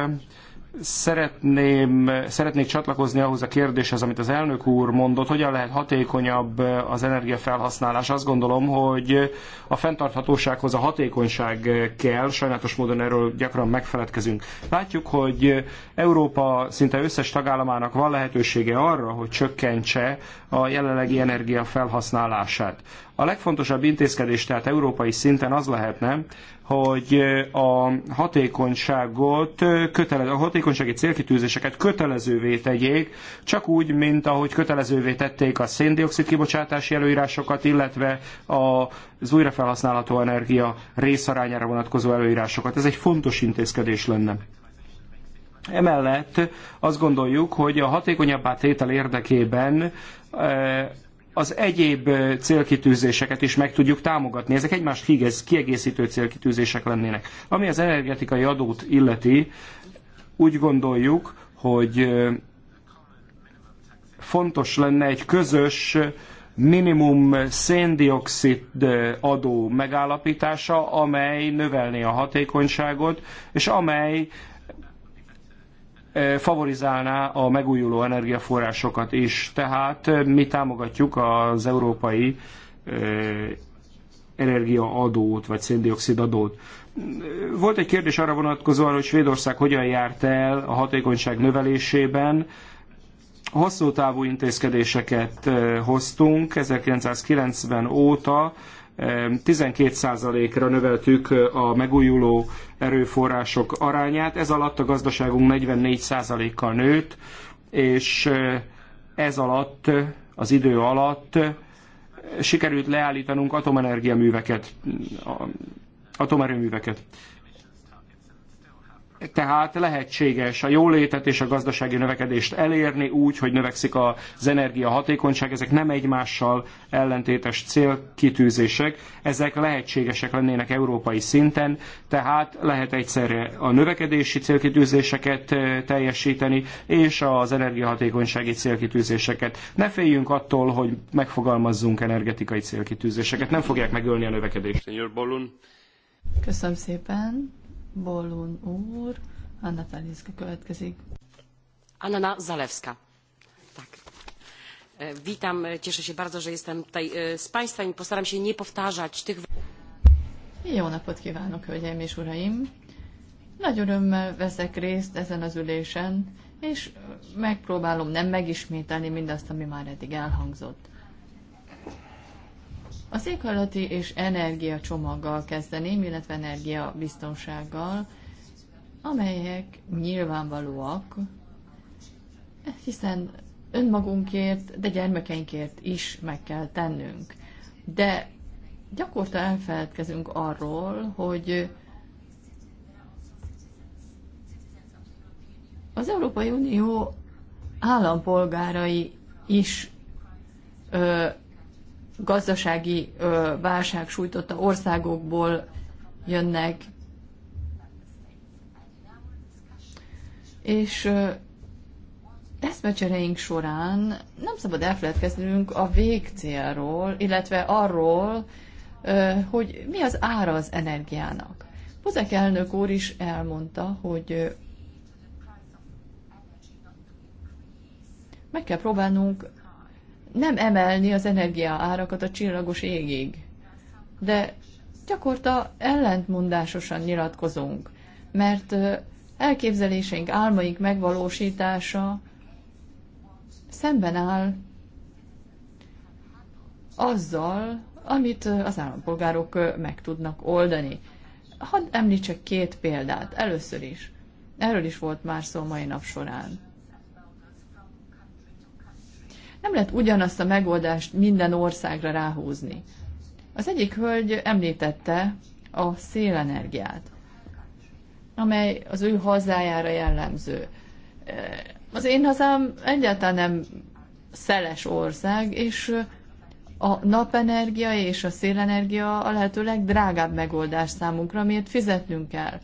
Szeretném, szeretnék csatlakozni ahhoz a kérdéshez, amit az elnök úr mondott, hogyan lehet hatékonyabb az energiafelhasználás. Azt gondolom, hogy a fenntarthatósághoz a hatékonyság kell, sajnálatos módon erről gyakran megfeledkezünk. Látjuk, hogy Európa szinte összes tagállamának van lehetősége arra, hogy csökkentse a jelenlegi energiafelhasználását. A legfontosabb intézkedés tehát európai szinten az lehetne, hogy a hatékonyságot, kötelező, a hatékonysági célkitűzéseket kötelezővé tegyék, csak úgy, mint ahogy kötelezővé tették a széndiokszid kibocsátási előírásokat, illetve az újrafelhasználható energia részarányára vonatkozó előírásokat. Ez egy fontos intézkedés lenne. Emellett azt gondoljuk, hogy a hatékonyabbá tétel érdekében eh, az egyéb célkitűzéseket is meg tudjuk támogatni. Ezek egymást kiegészítő célkitűzések lennének. Ami az energetikai adót illeti, úgy gondoljuk, hogy fontos lenne egy közös minimum széndiokszid adó megállapítása, amely növelné a hatékonyságot, és amely favorizálná a megújuló energiaforrásokat is. Tehát mi támogatjuk az európai energiaadót, vagy széndiokszid adót. Volt egy kérdés arra vonatkozóan, hogy Svédország hogyan járt el a hatékonyság növelésében. Hosszú távú intézkedéseket hoztunk 1990 óta, 12%-ra növeltük a megújuló erőforrások arányát, ez alatt a gazdaságunk 44%-kal nőtt, és ez alatt, az idő alatt sikerült leállítanunk atomenergia műveket, atomerőműveket tehát lehetséges a jólétet és a gazdasági növekedést elérni úgy, hogy növekszik az energiahatékonyság. Ezek nem egymással ellentétes célkitűzések, ezek lehetségesek lennének európai szinten, tehát lehet egyszerre a növekedési célkitűzéseket eh, teljesíteni, és az energiahatékonysági célkitűzéseket. Ne féljünk attól, hogy megfogalmazzunk energetikai célkitűzéseket, nem fogják megölni a növekedést. Köszönöm szépen. Bolun úr, Anna Felinska következik. Anna Zalewska. Tak. E, witam, cieszę się bardzo, że jestem tutaj e, z Państwem i postaram się nie powtarzać tych... Jó napot kívánok, hölgyeim és uraim! Nagy örömmel veszek részt ezen az ülésen, és megpróbálom nem megismételni mindazt, ami már eddig elhangzott. Az éghajlati és energia csomaggal kezdeném, illetve energia biztonsággal, amelyek nyilvánvalóak, hiszen önmagunkért, de gyermekeinkért is meg kell tennünk. De gyakorta elfeledkezünk arról, hogy az Európai Unió állampolgárai is ö, gazdasági válság sújtotta országokból jönnek. És eszmecsereink során nem szabad elfeledkeznünk a végcélról, illetve arról, hogy mi az ára az energiának. Buzek elnök úr is elmondta, hogy meg kell próbálnunk nem emelni az energia árakat a csillagos égig. De gyakorta ellentmondásosan nyilatkozunk, mert elképzeléseink, álmaink megvalósítása szemben áll azzal, amit az állampolgárok meg tudnak oldani. Hadd említsek két példát. Először is. Erről is volt már szó mai nap során. Nem lehet ugyanazt a megoldást minden országra ráhúzni. Az egyik hölgy említette a szélenergiát, amely az ő hazájára jellemző. Eh, az én hazám egyáltalán nem szeles ország, és eh, a napenergia és a szélenergia a lehető legdrágább megoldás számunkra, miért fizetnünk kell.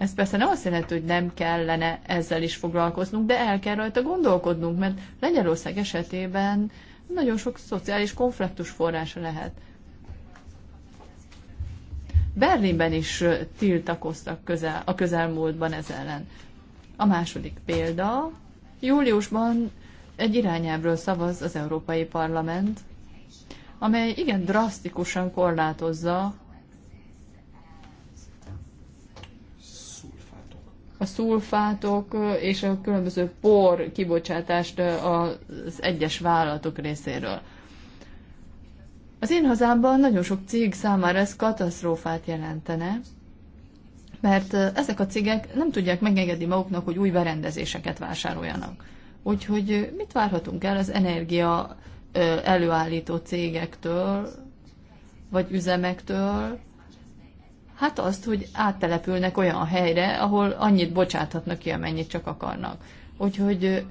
Ez persze nem azt jelenti, hogy nem kellene ezzel is foglalkoznunk, de el kell rajta gondolkodnunk, mert Lengyelország esetében nagyon sok szociális konfliktus forrása lehet. Berlinben is tiltakoztak közel, a közelmúltban ez ellen. A második példa, júliusban egy irányábról szavaz az Európai Parlament, amely igen drasztikusan korlátozza a szulfátok és a különböző por kibocsátást az egyes vállalatok részéről. Az én hazámban nagyon sok cég számára ez katasztrófát jelentene, mert ezek a cégek nem tudják megengedni maguknak, hogy új berendezéseket vásároljanak. Úgyhogy mit várhatunk el az energia előállító cégektől, vagy üzemektől, Hát azt, hogy áttelepülnek olyan helyre, ahol annyit bocsáthatnak ki, amennyit csak akarnak. Úgyhogy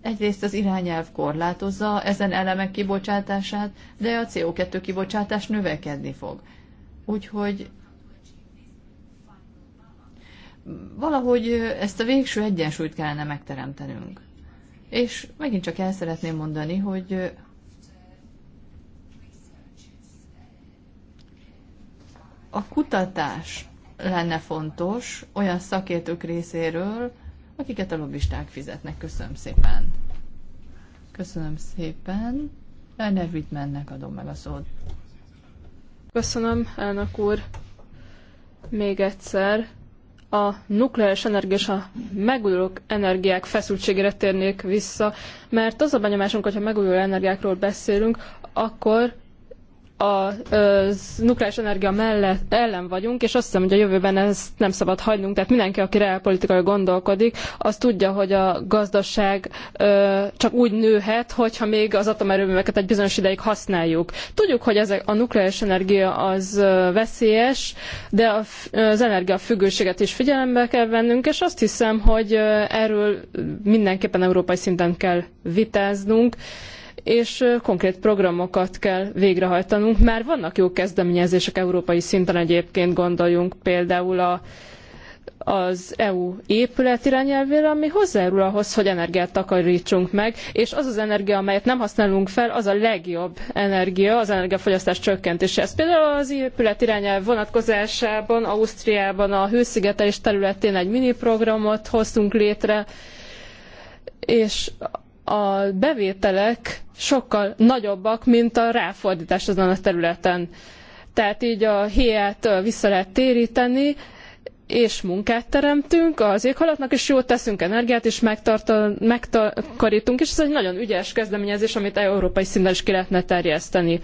egyrészt az irányelv korlátozza ezen elemek kibocsátását, de a CO2 kibocsátás növekedni fog. Úgyhogy valahogy ezt a végső egyensúlyt kellene megteremtenünk. És megint csak el szeretném mondani, hogy a kutatás lenne fontos olyan szakértők részéről, akiket a lobbisták fizetnek. Köszönöm szépen. Köszönöm szépen. Lerner mennek adom meg a szót. Köszönöm, elnök úr. Még egyszer a nukleáris energia és a megújuló energiák feszültségére térnék vissza, mert az a benyomásunk, hogyha megújuló energiákról beszélünk, akkor a nukleáris energia mellett ellen vagyunk, és azt hiszem, hogy a jövőben ezt nem szabad hagynunk. Tehát mindenki, aki reálpolitikai gondolkodik, az tudja, hogy a gazdaság ö, csak úgy nőhet, hogyha még az atomerőműveket egy bizonyos ideig használjuk. Tudjuk, hogy ezek, a nukleáris energia az veszélyes, de a, az energiafüggőséget is figyelembe kell vennünk, és azt hiszem, hogy erről mindenképpen európai szinten kell vitáznunk. Ö, és konkrét programokat kell végrehajtanunk. Már vannak jó kezdeményezések európai szinten egyébként, gondoljunk például a az EU épület irányelvére, ami hozzájárul ahhoz, hogy energiát takarítsunk meg, és az az energia, amelyet nem használunk fel, az a legjobb energia, az energiafogyasztás csökkentése. Ez például az épület irányelv vonatkozásában, Ausztriában a hőszigetelés területén egy mini programot hoztunk létre, és a bevételek sokkal nagyobbak, mint a ráfordítás azon a területen. Tehát így a héját vissza lehet téríteni, és munkát teremtünk az éghalatnak, és jót teszünk, energiát is megtakarítunk, és ez egy nagyon ügyes kezdeményezés, amit európai szinten is ki lehetne terjeszteni.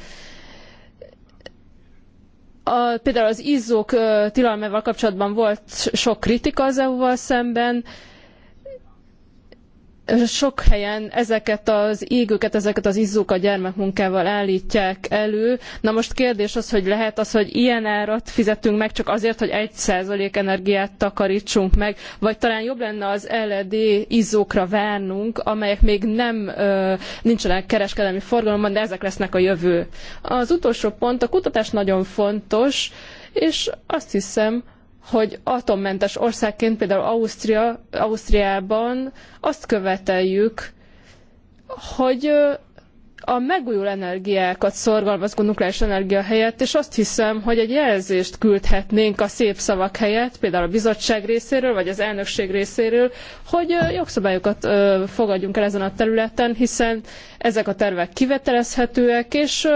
A, például az izzók tilalmával kapcsolatban volt sok kritika az EU-val szemben, sok helyen ezeket az égőket, ezeket az izzókat gyermekmunkával állítják elő. Na most kérdés az, hogy lehet az, hogy ilyen árat fizetünk meg csak azért, hogy százalék energiát takarítsunk meg, vagy talán jobb lenne az LED izzókra várnunk, amelyek még nem nincsenek kereskedelmi forgalomban, de ezek lesznek a jövő. Az utolsó pont, a kutatás nagyon fontos, és azt hiszem, hogy atommentes országként, például Ausztria, Ausztriában azt követeljük, hogy a megújuló energiákat szorgalmazgó nukleáris energia helyett, és azt hiszem, hogy egy jelzést küldhetnénk a szép szavak helyett, például a bizottság részéről, vagy az elnökség részéről, hogy jogszabályokat fogadjunk el ezen a területen, hiszen ezek a tervek kivetelezhetőek, és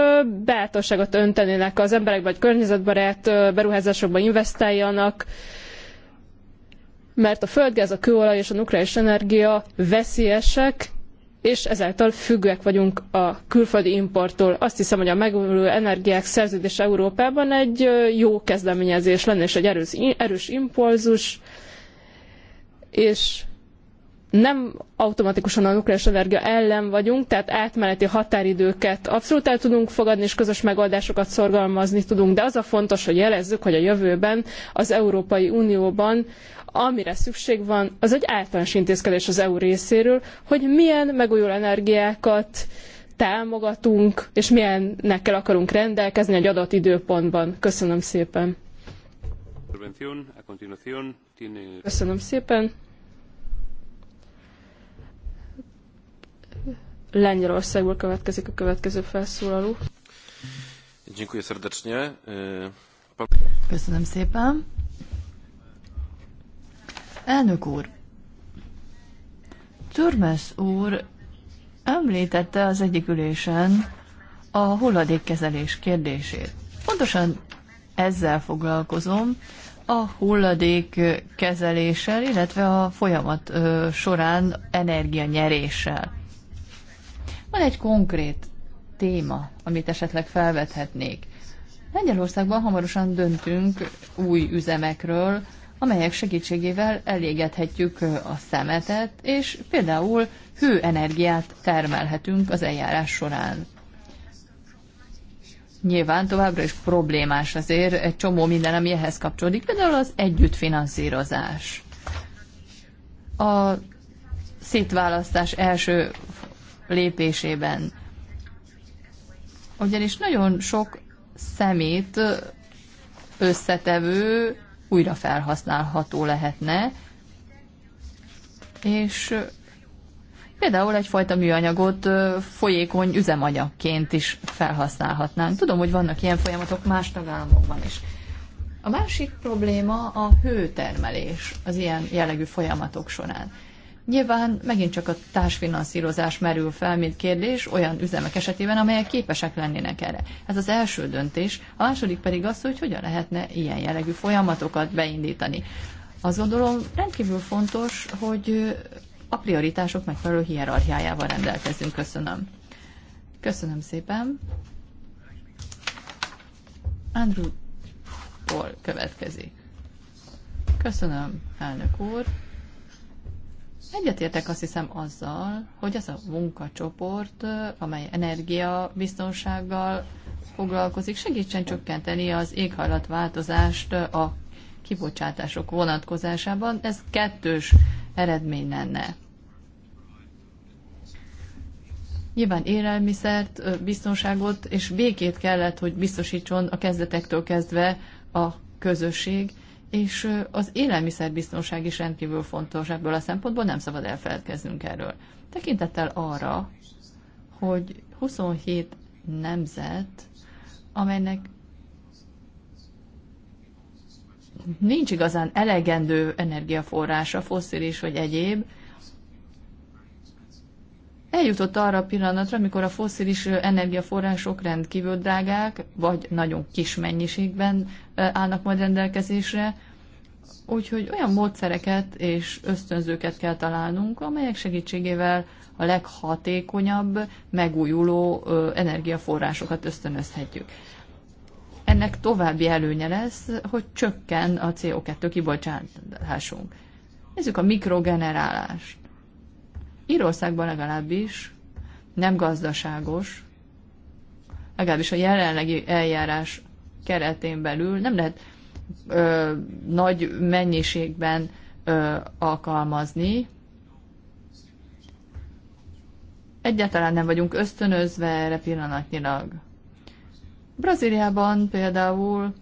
bátorságot öntenének az emberekbe, hogy környezetbarát beruházásokba investáljanak, mert a földgáz, a kőolaj és a nukleáris energia veszélyesek, és ezáltal függőek vagyunk a külföldi importtól. Azt hiszem, hogy a megújuló energiák szerződés Európában egy jó kezdeményezés lenne, és egy erős, erős impulzus, és nem automatikusan a nukleáris energia ellen vagyunk, tehát átmeneti határidőket abszolút el tudunk fogadni, és közös megoldásokat szorgalmazni tudunk, de az a fontos, hogy jelezzük, hogy a jövőben az Európai Unióban Amire szükség van, az egy általános intézkedés az EU részéről, hogy milyen megújuló energiákat támogatunk, és milyennekkel akarunk rendelkezni egy adott időpontban. Köszönöm szépen. Köszönöm szépen. Lengyelországból következik a következő felszólaló. Köszönöm szépen. Elnök úr, Törmes úr említette az egyik ülésen a hulladékkezelés kérdését. Pontosan ezzel foglalkozom, a hulladék kezeléssel, illetve a folyamat során energianyeréssel. Van egy konkrét téma, amit esetleg felvethetnék. Lengyelországban hamarosan döntünk új üzemekről, amelyek segítségével elégethetjük a szemetet, és például hőenergiát termelhetünk az eljárás során. Nyilván továbbra is problémás azért egy csomó minden, ami ehhez kapcsolódik, például az együttfinanszírozás. A szétválasztás első lépésében. Ugyanis nagyon sok szemét összetevő újra felhasználható lehetne, és például egyfajta műanyagot folyékony üzemanyagként is felhasználhatnánk. Tudom, hogy vannak ilyen folyamatok más tagállamokban is. A másik probléma a hőtermelés az ilyen jellegű folyamatok során. Nyilván megint csak a társfinanszírozás merül fel, mint kérdés olyan üzemek esetében, amelyek képesek lennének erre. Ez az első döntés, a második pedig az, hogy hogyan lehetne ilyen jellegű folyamatokat beindítani. Azt gondolom rendkívül fontos, hogy a prioritások megfelelő hierarchiájával rendelkezünk. Köszönöm. Köszönöm szépen. Andrew Paul következik. Köszönöm, elnök úr. Egyetértek azt hiszem azzal, hogy ez a munkacsoport, amely energiabiztonsággal foglalkozik, segítsen csökkenteni az éghajlatváltozást a kibocsátások vonatkozásában. Ez kettős eredmény lenne. Nyilván élelmiszert, biztonságot és békét kellett, hogy biztosítson a kezdetektől kezdve a közösség, és az élelmiszerbiztonság is rendkívül fontos ebből a szempontból, nem szabad elfeledkeznünk erről. Tekintettel arra, hogy 27 nemzet, amelynek nincs igazán elegendő energiaforrása, fosszilis vagy egyéb, eljutott arra a pillanatra, amikor a foszilis energiaforrások rendkívül drágák, vagy nagyon kis mennyiségben állnak majd rendelkezésre, úgyhogy olyan módszereket és ösztönzőket kell találnunk, amelyek segítségével a leghatékonyabb megújuló energiaforrásokat ösztönözhetjük. Ennek további előnye lesz, hogy csökken a CO2 kibocsátásunk. Nézzük a mikrogenerálást Írországban legalábbis nem gazdaságos, legalábbis a jelenlegi eljárás keretén belül nem lehet ö, nagy mennyiségben ö, alkalmazni. Egyáltalán nem vagyunk ösztönözve erre pillanatnyilag. Brazíliában például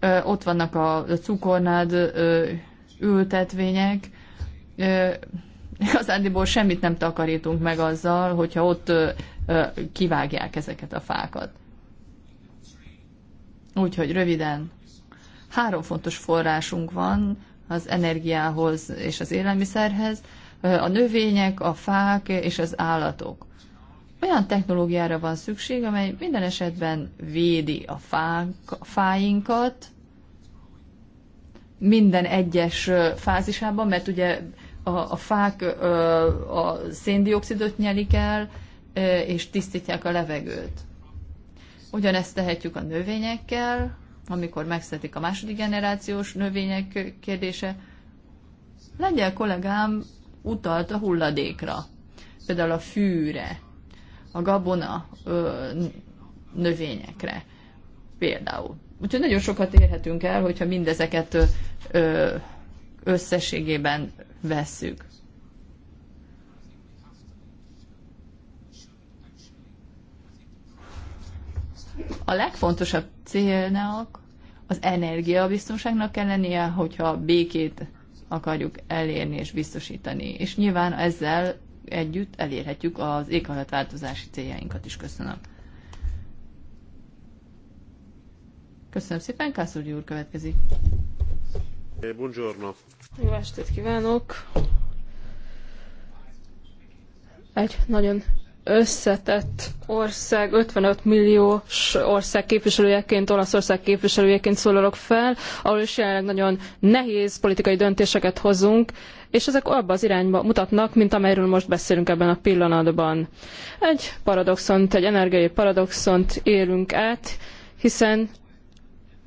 ö, ott vannak a cukornád ö, ültetvények, ö, igazándiból semmit nem takarítunk meg azzal, hogyha ott kivágják ezeket a fákat. Úgyhogy röviden, három fontos forrásunk van az energiához és az élelmiszerhez, a növények, a fák és az állatok. Olyan technológiára van szükség, amely minden esetben védi a, fák, a fáinkat minden egyes fázisában, mert ugye a, a fák a széndiokszidot nyelik el, és tisztítják a levegőt. Ugyanezt tehetjük a növényekkel, amikor megszedik a második generációs növények kérdése. Lengyel kollégám utalt a hulladékra, például a fűre, a gabona ö, növényekre például. Úgyhogy nagyon sokat érhetünk el, hogyha mindezeket ö, összességében vesszük. A legfontosabb célnak az energiabiztonságnak kell lennie, hogyha békét akarjuk elérni és biztosítani. És nyilván ezzel együtt elérhetjük az éghajlatváltozási céljainkat is. Köszönöm. Köszönöm szépen, Kászorgyi úr következik. Buongiorno. Jó estét kívánok! Egy nagyon összetett ország, 55 milliós ország képviselőjeként, Olaszország képviselőjeként szólalok fel, ahol is jelenleg nagyon nehéz politikai döntéseket hozunk, és ezek abba az irányba mutatnak, mint amelyről most beszélünk ebben a pillanatban. Egy paradoxont, egy energiai paradoxont élünk át, hiszen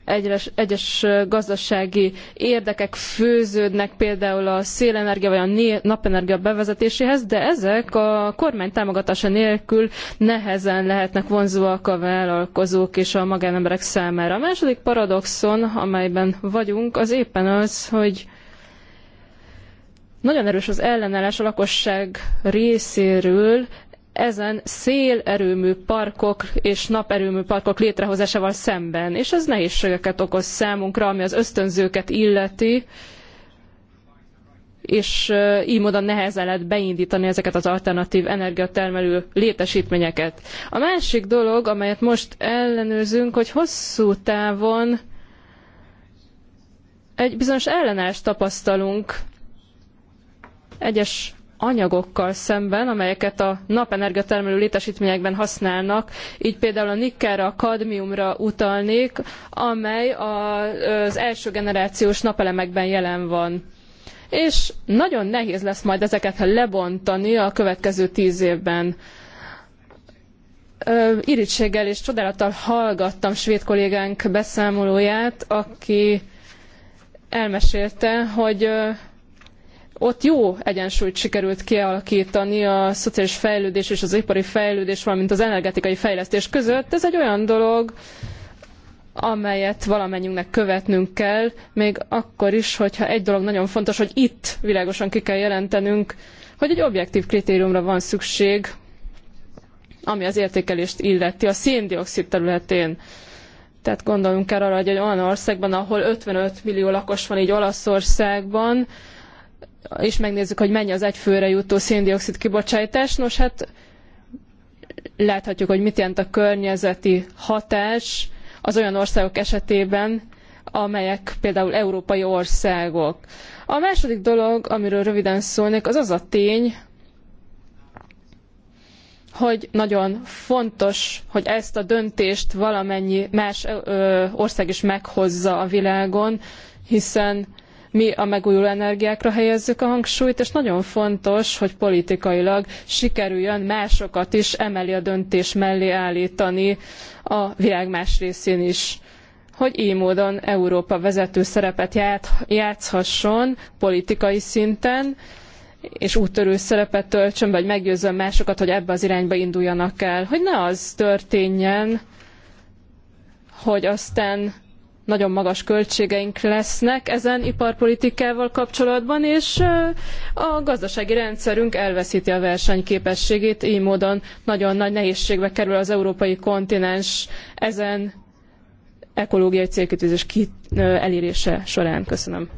egyes, egyes gazdasági érdekek főződnek például a szélenergia vagy a napenergia bevezetéséhez, de ezek a kormány támogatása nélkül nehezen lehetnek vonzóak a vállalkozók és a magánemberek számára. A második paradoxon, amelyben vagyunk, az éppen az, hogy nagyon erős az ellenállás a lakosság részéről ezen szélerőmű parkok és naperőmű parkok létrehozásával szemben. És ez nehézségeket okoz számunkra, ami az ösztönzőket illeti, és így módon nehezen lehet beindítani ezeket az alternatív energiatermelő létesítményeket. A másik dolog, amelyet most ellenőrzünk, hogy hosszú távon egy bizonyos ellenállást tapasztalunk egyes anyagokkal szemben, amelyeket a napenergia termelő létesítményekben használnak. Így például a nikkelre, a kadmiumra utalnék, amely az első generációs napelemekben jelen van. És nagyon nehéz lesz majd ezeket lebontani a következő tíz évben irítséggel és csodálattal hallgattam svéd kollégánk beszámolóját, aki elmesélte, hogy ott jó egyensúlyt sikerült kialakítani a szociális fejlődés és az ipari fejlődés, valamint az energetikai fejlesztés között. Ez egy olyan dolog, amelyet valamennyünknek követnünk kell, még akkor is, hogyha egy dolog nagyon fontos, hogy itt világosan ki kell jelentenünk, hogy egy objektív kritériumra van szükség, ami az értékelést illeti a széndiokszid területén. Tehát gondoljunk el arra, hogy egy olyan országban, ahol 55 millió lakos van, így Olaszországban, és megnézzük, hogy mennyi az egy főre jutó széndiokszid kibocsátás. Nos, hát láthatjuk, hogy mit jelent a környezeti hatás az olyan országok esetében, amelyek például európai országok. A második dolog, amiről röviden szólnék, az az a tény, hogy nagyon fontos, hogy ezt a döntést valamennyi más ország is meghozza a világon, hiszen mi a megújuló energiákra helyezzük a hangsúlyt, és nagyon fontos, hogy politikailag sikerüljön másokat is emeli a döntés mellé állítani a világ más részén is hogy így módon Európa vezető szerepet játszhasson politikai szinten, és úttörő szerepet töltsön, vagy meggyőzzön másokat, hogy ebbe az irányba induljanak el. Hogy ne az történjen, hogy aztán nagyon magas költségeink lesznek ezen iparpolitikával kapcsolatban, és a gazdasági rendszerünk elveszíti a versenyképességét, így módon nagyon nagy nehézségbe kerül az európai kontinens ezen ekológiai célkitűzés elérése során. Köszönöm.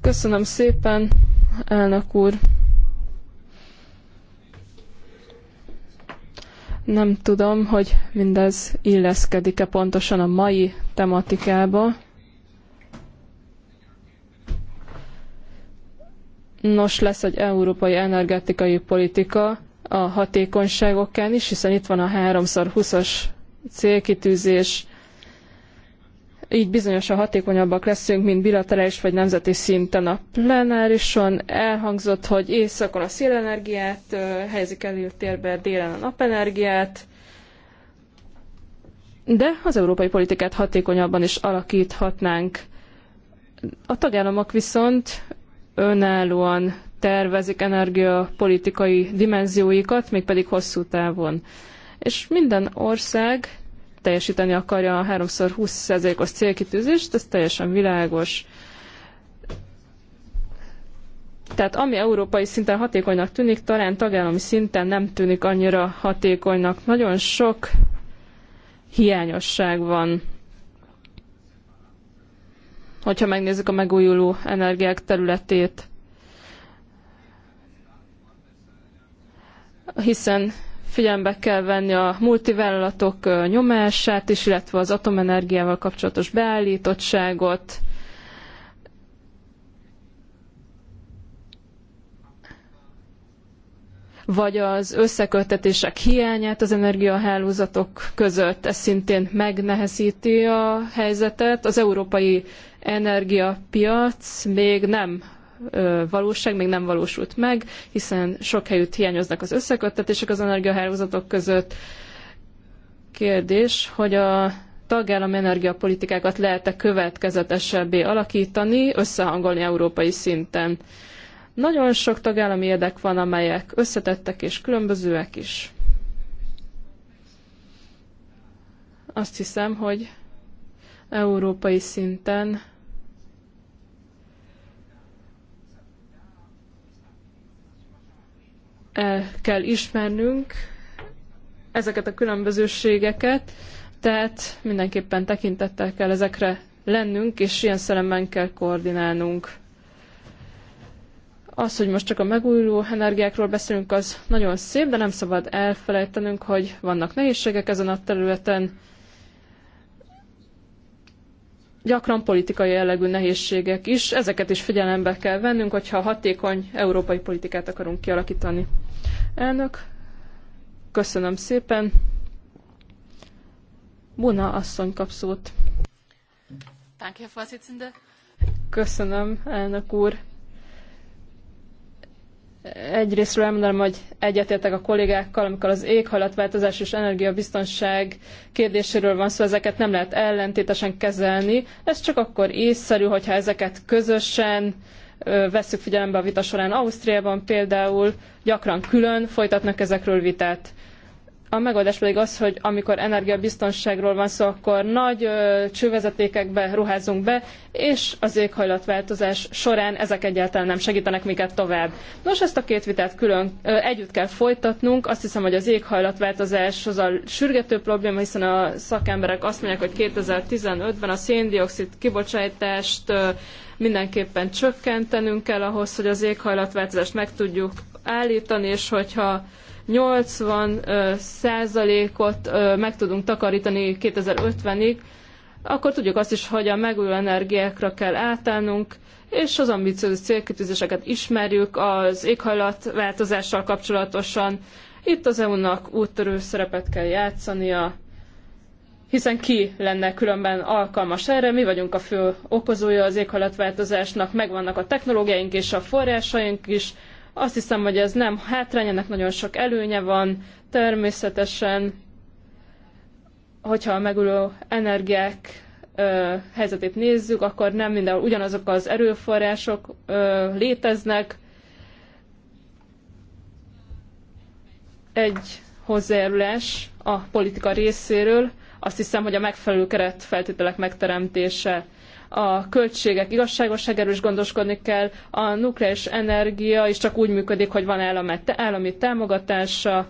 Köszönöm szépen, elnök úr. Nem tudom, hogy mindez illeszkedik-e pontosan a mai tematikába. Nos, lesz egy európai energetikai politika a hatékonyságokán is, hiszen itt van a 3x20-as célkitűzés, így bizonyosan hatékonyabbak leszünk, mint bilaterális vagy nemzeti szinten a plenárison. Elhangzott, hogy éjszakon a szélenergiát helyezik előtérbe, délen a napenergiát, de az európai politikát hatékonyabban is alakíthatnánk. A tagállamok viszont önállóan tervezik energiapolitikai dimenzióikat, mégpedig hosszú távon. És minden ország teljesíteni akarja a 3x20%-os célkitűzést, ez teljesen világos. Tehát ami európai szinten hatékonynak tűnik, talán tagállami szinten nem tűnik annyira hatékonynak. Nagyon sok hiányosság van. Hogyha megnézzük a megújuló energiák területét, hiszen Figyelembe kell venni a multivállalatok nyomását is, illetve az atomenergiával kapcsolatos beállítottságot. vagy az összeköttetések hiányát az energiahálózatok között, ez szintén megnehezíti a helyzetet. Az európai energiapiac még nem valóság még nem valósult meg, hiszen sok helyütt hiányoznak az összeköttetések az energiahálózatok között. Kérdés, hogy a tagállami energiapolitikákat lehet-e következetesebbé alakítani, összehangolni európai szinten. Nagyon sok tagállami érdek van, amelyek összetettek és különbözőek is. Azt hiszem, hogy európai szinten kell ismernünk ezeket a különbözőségeket, tehát mindenképpen tekintettel kell ezekre lennünk, és ilyen szellemben kell koordinálnunk. Az, hogy most csak a megújuló energiákról beszélünk, az nagyon szép, de nem szabad elfelejtenünk, hogy vannak nehézségek ezen a területen, gyakran politikai jellegű nehézségek is, ezeket is figyelembe kell vennünk, hogyha hatékony európai politikát akarunk kialakítani. Elnök, köszönöm szépen. Buna asszony kap szót. Köszönöm, elnök úr egyrészt elmondanám, hogy egyetértek a kollégákkal, amikor az éghajlatváltozás és energiabiztonság kérdéséről van szó, ezeket nem lehet ellentétesen kezelni. Ez csak akkor észszerű, hogyha ezeket közösen vesszük figyelembe a vita során. Ausztriában például gyakran külön folytatnak ezekről vitát. A megoldás pedig az, hogy amikor energiabiztonságról van szó, akkor nagy ö, csővezetékekbe ruházunk be, és az éghajlatváltozás során ezek egyáltalán nem segítenek minket tovább. Nos, ezt a két vitát külön ö, együtt kell folytatnunk. Azt hiszem, hogy az éghajlatváltozás az a sürgető probléma, hiszen a szakemberek azt mondják, hogy 2015-ben a széndiokszid kibocsátást mindenképpen csökkentenünk kell ahhoz, hogy az éghajlatváltozást meg tudjuk állítani, és hogyha 80 százalékot meg tudunk takarítani 2050-ig, akkor tudjuk azt is, hogy a megújuló energiákra kell átállnunk, és az ambiciózus célkitűzéseket ismerjük az éghajlatváltozással kapcsolatosan. Itt az EU-nak úttörő szerepet kell játszania, hiszen ki lenne különben alkalmas erre, mi vagyunk a fő okozója az éghajlatváltozásnak, megvannak a technológiáink és a forrásaink is, azt hiszem, hogy ez nem hátrány, ennek nagyon sok előnye van. Természetesen, hogyha a megülő energiák ö, helyzetét nézzük, akkor nem mindenhol ugyanazok az erőforrások ö, léteznek. Egy hozzájárulás a politika részéről, azt hiszem, hogy a megfelelő keretfeltételek megteremtése a költségek igazságosságáról erős gondoskodni kell, a nukleáris energia is csak úgy működik, hogy van állami támogatása,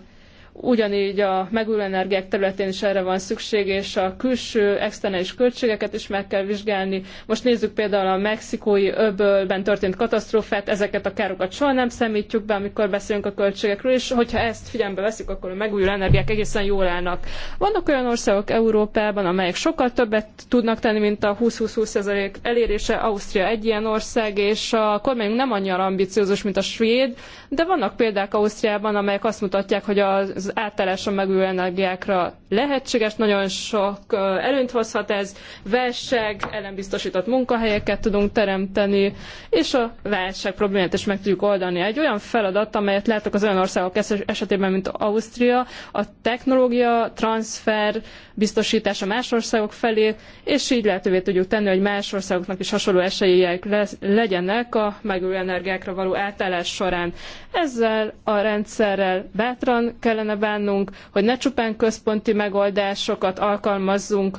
Ugyanígy a megújuló energiák területén is erre van szükség, és a külső externális költségeket is meg kell vizsgálni. Most nézzük például a mexikói öbölben történt katasztrófát, ezeket a károkat soha nem számítjuk be, amikor beszélünk a költségekről, és hogyha ezt figyelembe veszik, akkor a megújuló energiák egészen jól állnak. Vannak olyan országok Európában, amelyek sokkal többet tudnak tenni, mint a 20-20-20 elérése. Ausztria egy ilyen ország, és a kormányunk nem annyira ambiciózus, mint a svéd, de vannak példák Ausztriában, amelyek azt mutatják, hogy az az átálláson megújuló energiákra lehetséges, nagyon sok előnyt hozhat ez, válság, ellenbiztosított munkahelyeket tudunk teremteni, és a válság problémát is meg tudjuk oldani. Egy olyan feladat, amelyet látok az olyan országok esetében, mint Ausztria, a technológia transfer biztosítása más országok felé, és így lehetővé tudjuk tenni, hogy más országoknak is hasonló esélyeik legyenek a megújuló energiákra való átállás során. Ezzel a rendszerrel bátran kellene bánnunk, hogy ne csupán központi megoldásokat alkalmazzunk,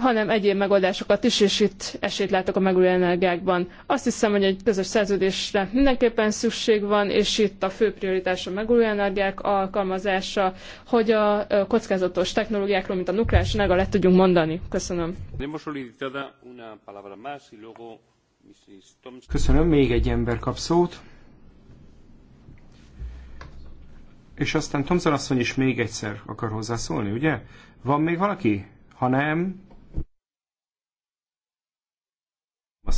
hanem egyéb megoldásokat is, és itt esélyt látok a megújuló energiákban. Azt hiszem, hogy egy közös szerződésre mindenképpen szükség van, és itt a fő prioritás a megújuló energiák alkalmazása, hogy a kockázatos technológiákról, mint a nukleáris energia le tudjunk mondani. Köszönöm. Köszönöm, még egy ember kap szót. És aztán Tomzan asszony is még egyszer akar hozzászólni, ugye? Van még valaki? Ha nem,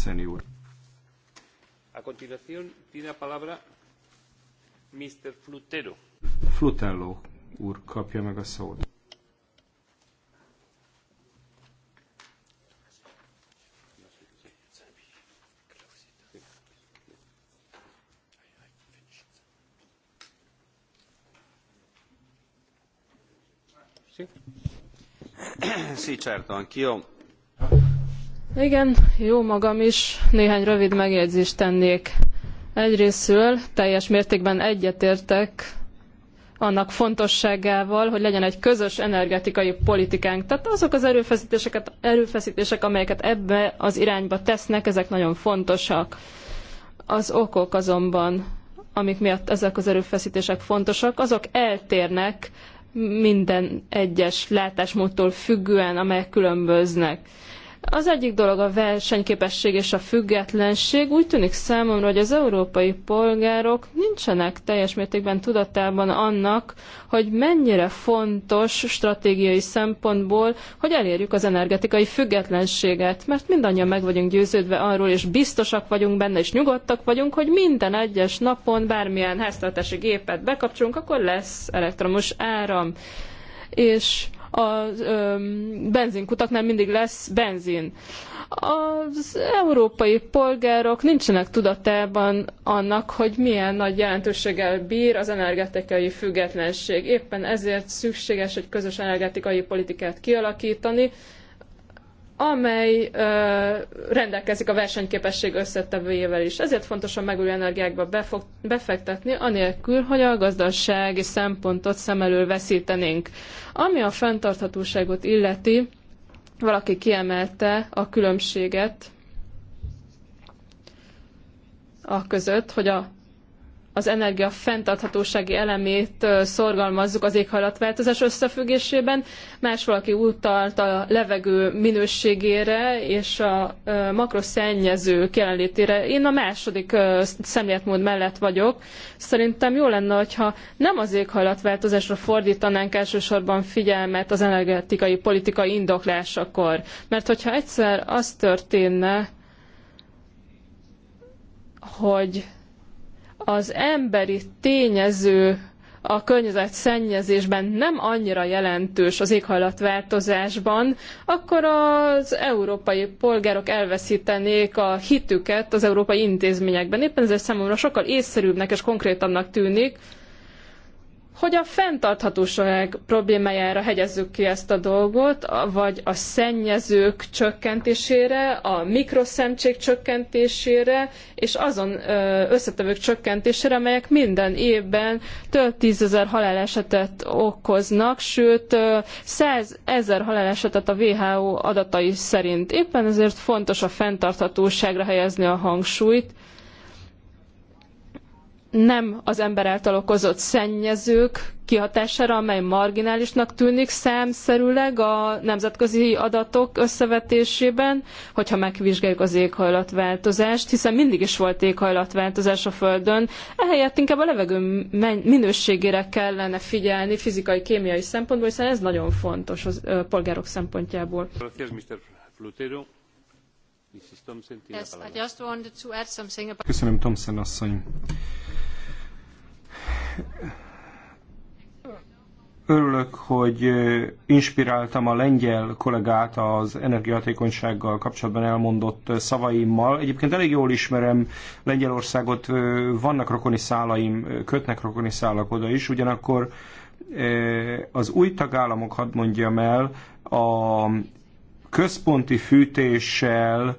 Casszeni úr. A continuación tiene a palabra Mr. Flutero. Flutello úr kapja meg a szót. Sì, certo, anch'io igen, jó magam is. Néhány rövid megjegyzést tennék. Egyrésztről teljes mértékben egyetértek annak fontosságával, hogy legyen egy közös energetikai politikánk. Tehát azok az erőfeszítéseket, erőfeszítések, amelyeket ebbe az irányba tesznek, ezek nagyon fontosak. Az okok azonban, amik miatt ezek az erőfeszítések fontosak, azok eltérnek minden egyes látásmódtól függően, amelyek különböznek. Az egyik dolog a versenyképesség és a függetlenség. Úgy tűnik számomra, hogy az európai polgárok nincsenek teljes mértékben tudatában annak, hogy mennyire fontos stratégiai szempontból, hogy elérjük az energetikai függetlenséget, mert mindannyian meg vagyunk győződve arról, és biztosak vagyunk benne, és nyugodtak vagyunk, hogy minden egyes napon bármilyen háztartási gépet bekapcsolunk, akkor lesz elektromos áram. És a benzinkutaknál mindig lesz benzin. Az európai polgárok nincsenek tudatában annak, hogy milyen nagy jelentőséggel bír az energetikai függetlenség. Éppen ezért szükséges egy közös energetikai politikát kialakítani, amely ö, rendelkezik a versenyképesség összetevőjével is. Ezért fontos a megújuló energiákba befog, befektetni, anélkül, hogy a gazdasági szempontot szem elől veszítenénk. Ami a fenntarthatóságot illeti, valaki kiemelte a különbséget a között, hogy a az energia fenntarthatósági elemét szorgalmazzuk az éghajlatváltozás összefüggésében. Más valaki utalt a levegő minőségére és a makrosszennyezők jelenlétére. Én a második szemléletmód mellett vagyok. Szerintem jó lenne, hogyha nem az éghajlatváltozásra fordítanánk elsősorban figyelmet az energetikai politikai indoklásakor. Mert hogyha egyszer az történne, hogy az emberi tényező a környezetszennyezésben nem annyira jelentős az éghajlatváltozásban, akkor az európai polgárok elveszítenék a hitüket az európai intézményekben. Éppen ezért számomra sokkal észszerűbbnek és konkrétabbnak tűnik, hogy a fenntarthatóság problémájára hegyezzük ki ezt a dolgot, vagy a szennyezők csökkentésére, a mikroszemcsék csökkentésére, és azon összetevők csökkentésére, amelyek minden évben több tízezer halálesetet okoznak, sőt százezer halálesetet a WHO adatai szerint. Éppen ezért fontos a fenntarthatóságra helyezni a hangsúlyt, nem az ember által okozott szennyezők kihatására, amely marginálisnak tűnik számszerűleg a nemzetközi adatok összevetésében, hogyha megvizsgáljuk az éghajlatváltozást, hiszen mindig is volt éghajlatváltozás a Földön, ehelyett inkább a levegő minőségére kellene figyelni fizikai, kémiai szempontból, hiszen ez nagyon fontos a polgárok szempontjából. Köszönöm, Thompson asszony. Örülök, hogy inspiráltam a lengyel kollégát az energiahatékonysággal kapcsolatban elmondott szavaimmal. Egyébként elég jól ismerem Lengyelországot, vannak rokoni szálaim, kötnek rokoni szálak oda is, ugyanakkor az új tagállamok, hadd mondjam el, a központi fűtéssel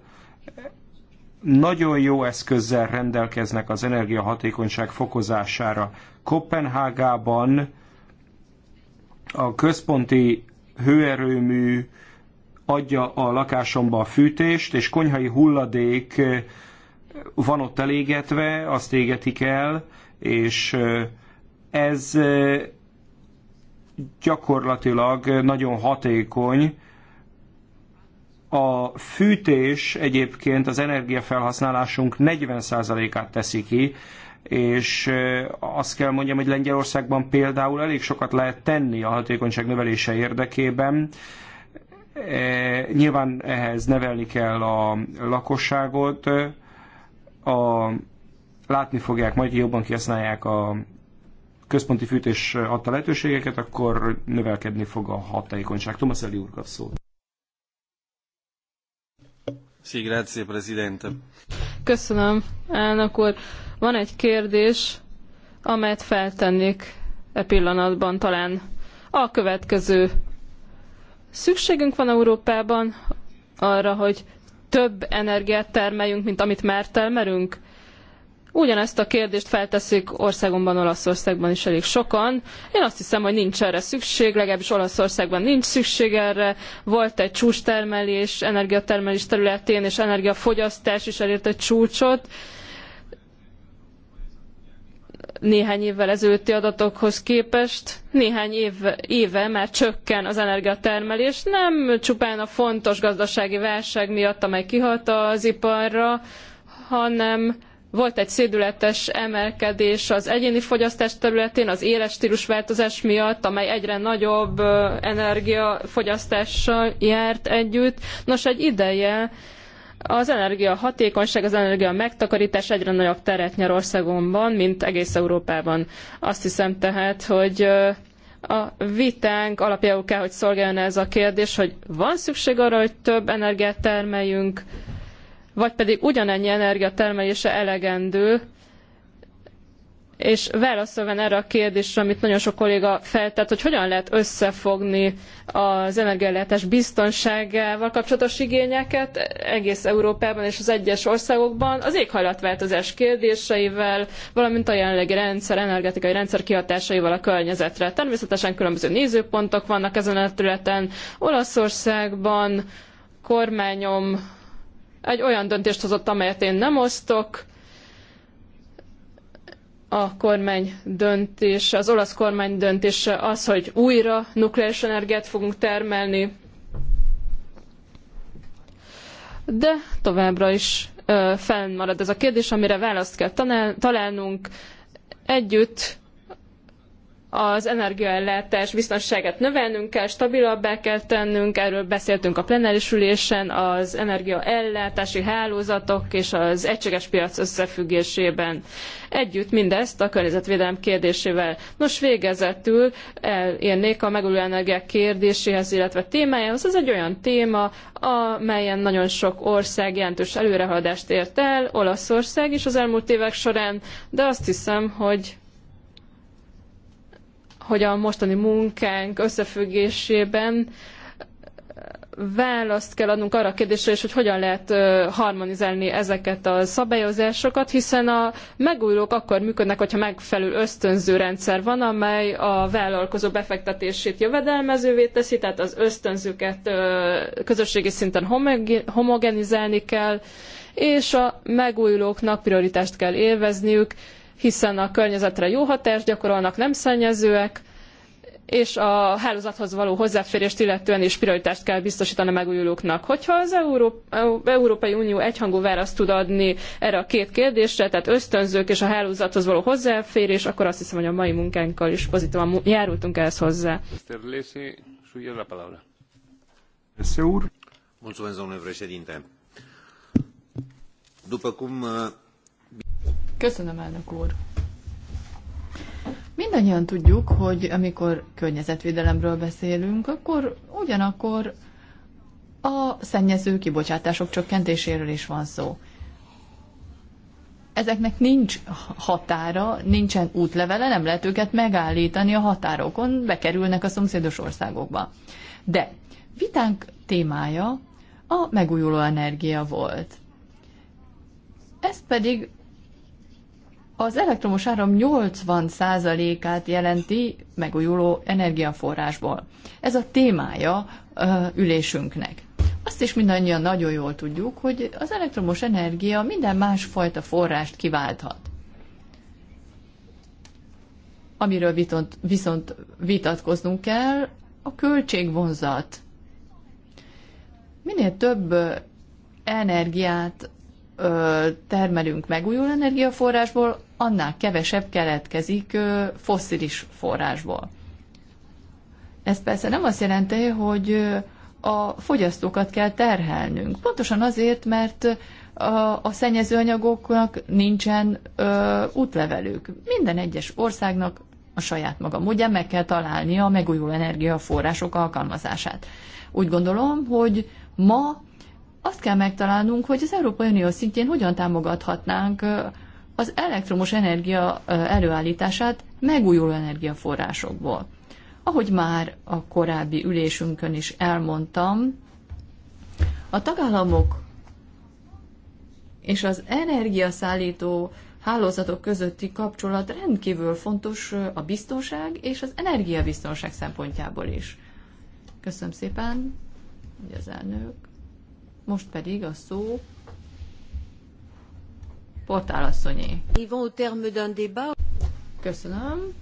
nagyon jó eszközzel rendelkeznek az energiahatékonyság fokozására. Kopenhágában a központi hőerőmű adja a lakásomba a fűtést, és konyhai hulladék van ott elégetve, azt égetik el, és ez gyakorlatilag nagyon hatékony, a fűtés egyébként az energiafelhasználásunk 40%-át teszi ki, és azt kell mondjam, hogy Lengyelországban például elég sokat lehet tenni a hatékonyság növelése érdekében. E, nyilván ehhez nevelni kell a lakosságot, a, látni fogják majd, jobban kihasználják a központi fűtés adta lehetőségeket, akkor növelkedni fog a hatékonyság. Tomasz Eli úr kap szót. Köszönöm, elnök úr. Van egy kérdés, amelyet feltennék e pillanatban talán. A következő. Szükségünk van Európában arra, hogy több energiát termeljünk, mint amit már termelünk? Ugyanezt a kérdést felteszik országomban, Olaszországban is elég sokan. Én azt hiszem, hogy nincs erre szükség, legalábbis Olaszországban nincs szükség erre. Volt egy csúcstermelés, energiatermelés területén, és energiafogyasztás is elért egy csúcsot. Néhány évvel ezelőtti adatokhoz képest néhány év, éve már csökken az energiatermelés, nem csupán a fontos gazdasági válság miatt, amely kihat az iparra, hanem volt egy szédületes emelkedés az egyéni fogyasztás területén, az éles változás miatt, amely egyre nagyobb energiafogyasztással járt együtt. Nos, egy ideje az energia az energia megtakarítás egyre nagyobb teret nyer országomban, mint egész Európában. Azt hiszem tehát, hogy a vitánk alapjául kell, hogy szolgáljon ez a kérdés, hogy van szükség arra, hogy több energiát termeljünk, vagy pedig ugyanennyi energia termelése elegendő, és válaszolván erre a kérdésre, amit nagyon sok kolléga feltett, hogy hogyan lehet összefogni az energiállátás biztonságával kapcsolatos igényeket egész Európában és az egyes országokban az éghajlatváltozás kérdéseivel, valamint a jelenlegi rendszer, energetikai rendszer kihatásaival a környezetre. Természetesen különböző nézőpontok vannak ezen a területen. Olaszországban kormányom egy olyan döntést hozott, amelyet én nem osztok. A kormány döntése, az olasz kormány döntése az, hogy újra nukleáris energiát fogunk termelni, de továbbra is fennmarad ez a kérdés, amire választ kell találnunk együtt az energiaellátás biztonságát növelnünk kell, stabilabbá kell tennünk, erről beszéltünk a plenáris ülésen, az energiaellátási hálózatok és az egységes piac összefüggésében. Együtt mindezt a környezetvédelem kérdésével. Nos, végezetül elérnék a megújuló energiák kérdéséhez, illetve témájához. Ez egy olyan téma, amelyen nagyon sok ország jelentős előrehaladást ért el, Olaszország is az elmúlt évek során, de azt hiszem, hogy hogy a mostani munkánk összefüggésében választ kell adnunk arra a kérdésre is, hogy hogyan lehet harmonizálni ezeket a szabályozásokat, hiszen a megújulók akkor működnek, hogyha megfelelő ösztönző rendszer van, amely a vállalkozó befektetését jövedelmezővé teszi, tehát az ösztönzőket közösségi szinten homogenizálni kell, és a megújulóknak prioritást kell élvezniük, hiszen a környezetre jó hatást gyakorolnak, nem szennyezőek, és a hálózathoz való hozzáférést illetően is prioritást kell biztosítani a megújulóknak. Hogyha az Európai Unió egyhangú választ tud adni erre a két kérdésre, tehát ösztönzők és a hálózathoz való hozzáférés, akkor azt hiszem, hogy a mai munkánkkal is pozitívan járultunk ehhez hozzá. Mulțumesc, Köszönöm, elnök úr. Mindannyian tudjuk, hogy amikor környezetvédelemről beszélünk, akkor ugyanakkor a szennyező kibocsátások csökkentéséről is van szó. Ezeknek nincs határa, nincsen útlevele, nem lehet őket megállítani a határokon, bekerülnek a szomszédos országokba. De vitánk témája a megújuló energia volt. Ez pedig az elektromos áram 80%-át jelenti megújuló energiaforrásból. Ez a témája ülésünknek. Azt is mindannyian nagyon jól tudjuk, hogy az elektromos energia minden másfajta forrást kiválthat. Amiről vitont, viszont vitatkoznunk kell, a költségvonzat. Minél több energiát termelünk megújuló energiaforrásból, annál kevesebb keletkezik fosszilis forrásból. Ez persze nem azt jelenti, hogy a fogyasztókat kell terhelnünk. Pontosan azért, mert a szennyezőanyagoknak nincsen ö, útlevelük. Minden egyes országnak a saját maga módján meg kell találnia a megújuló energiaforrások alkalmazását. Úgy gondolom, hogy ma azt kell megtalálnunk, hogy az Európai Unió szintjén hogyan támogathatnánk az elektromos energia előállítását megújuló energiaforrásokból. Ahogy már a korábbi ülésünkön is elmondtam, a tagállamok és az energiaszállító hálózatok közötti kapcsolat rendkívül fontos a biztonság és az energiabiztonság szempontjából is. Köszönöm szépen, hogy az elnök. Most pedig a szó portálasszonyé. Köszönöm.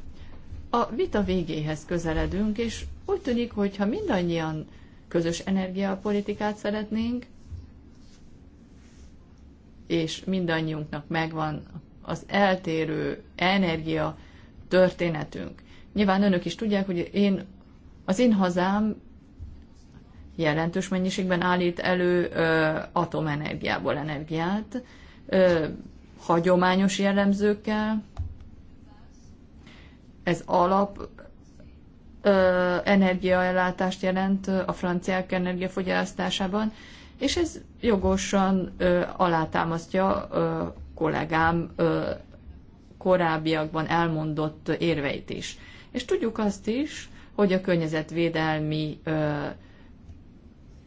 A vita végéhez közeledünk, és úgy tűnik, hogy ha mindannyian közös energiapolitikát szeretnénk, és mindannyiunknak megvan az eltérő energia történetünk. Nyilván önök is tudják, hogy én, az én hazám jelentős mennyiségben állít elő atomenergiából energiát, hagyományos jellemzőkkel. Ez alap energiaellátást jelent a franciák energiafogyasztásában, és ez jogosan alátámasztja kollégám korábbiakban elmondott érveit is. És tudjuk azt is, hogy a környezetvédelmi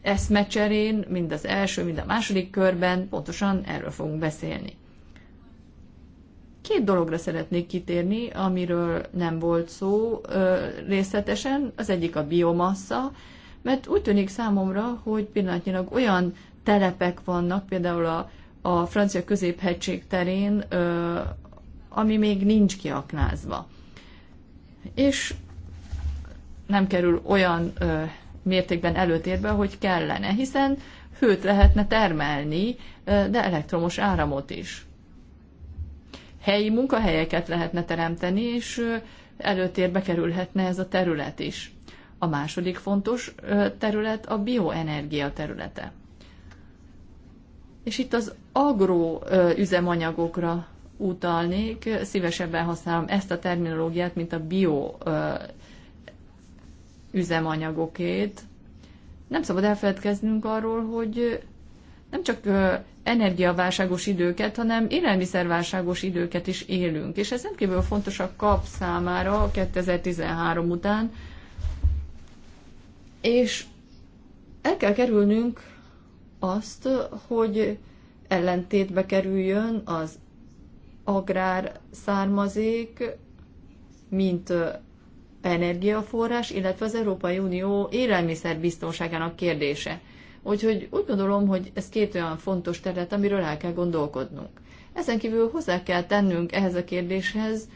eszmecserén, mind az első, mind a második körben pontosan erről fogunk beszélni. Két dologra szeretnék kitérni, amiről nem volt szó ö, részletesen. Az egyik a biomassa, mert úgy tűnik számomra, hogy pillanatnyilag olyan telepek vannak, például a, a francia középhegység terén, ö, ami még nincs kiaknázva. És nem kerül olyan ö, mértékben előtérbe, hogy kellene, hiszen hőt lehetne termelni, de elektromos áramot is. Helyi munkahelyeket lehetne teremteni, és előtérbe kerülhetne ez a terület is. A második fontos terület a bioenergia területe. És itt az agroüzemanyagokra üzemanyagokra utalnék, szívesebben használom ezt a terminológiát, mint a bio üzemanyagokét. Nem szabad elfeledkeznünk arról, hogy nem csak energiaválságos időket, hanem élelmiszerválságos időket is élünk. És ez rendkívül fontos a kap számára 2013 után. És el kell kerülnünk azt, hogy ellentétbe kerüljön az agrár származék, mint energiaforrás, illetve az Európai Unió biztonságának kérdése. Úgyhogy úgy gondolom, hogy ez két olyan fontos terület, amiről el kell gondolkodnunk. Ezen kívül hozzá kell tennünk ehhez a kérdéshez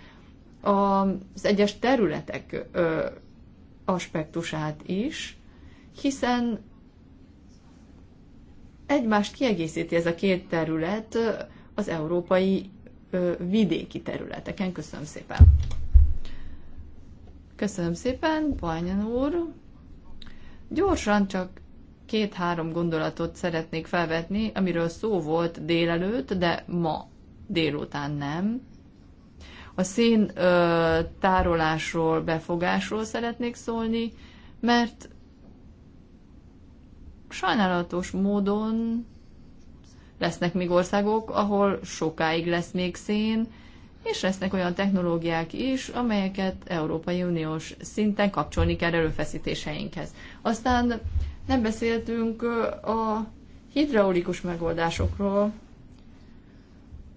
az egyes területek ö, aspektusát is, hiszen egymást kiegészíti ez a két terület az európai ö, vidéki területeken. Köszönöm szépen! Köszönöm szépen, Bajnyan úr. Gyorsan csak két-három gondolatot szeretnék felvetni, amiről szó volt délelőtt, de ma délután nem. A szén ö, tárolásról, befogásról szeretnék szólni, mert sajnálatos módon lesznek még országok, ahol sokáig lesz még szén, és lesznek olyan technológiák is, amelyeket Európai Uniós szinten kapcsolni kell erőfeszítéseinkhez. Aztán nem beszéltünk a hidraulikus megoldásokról,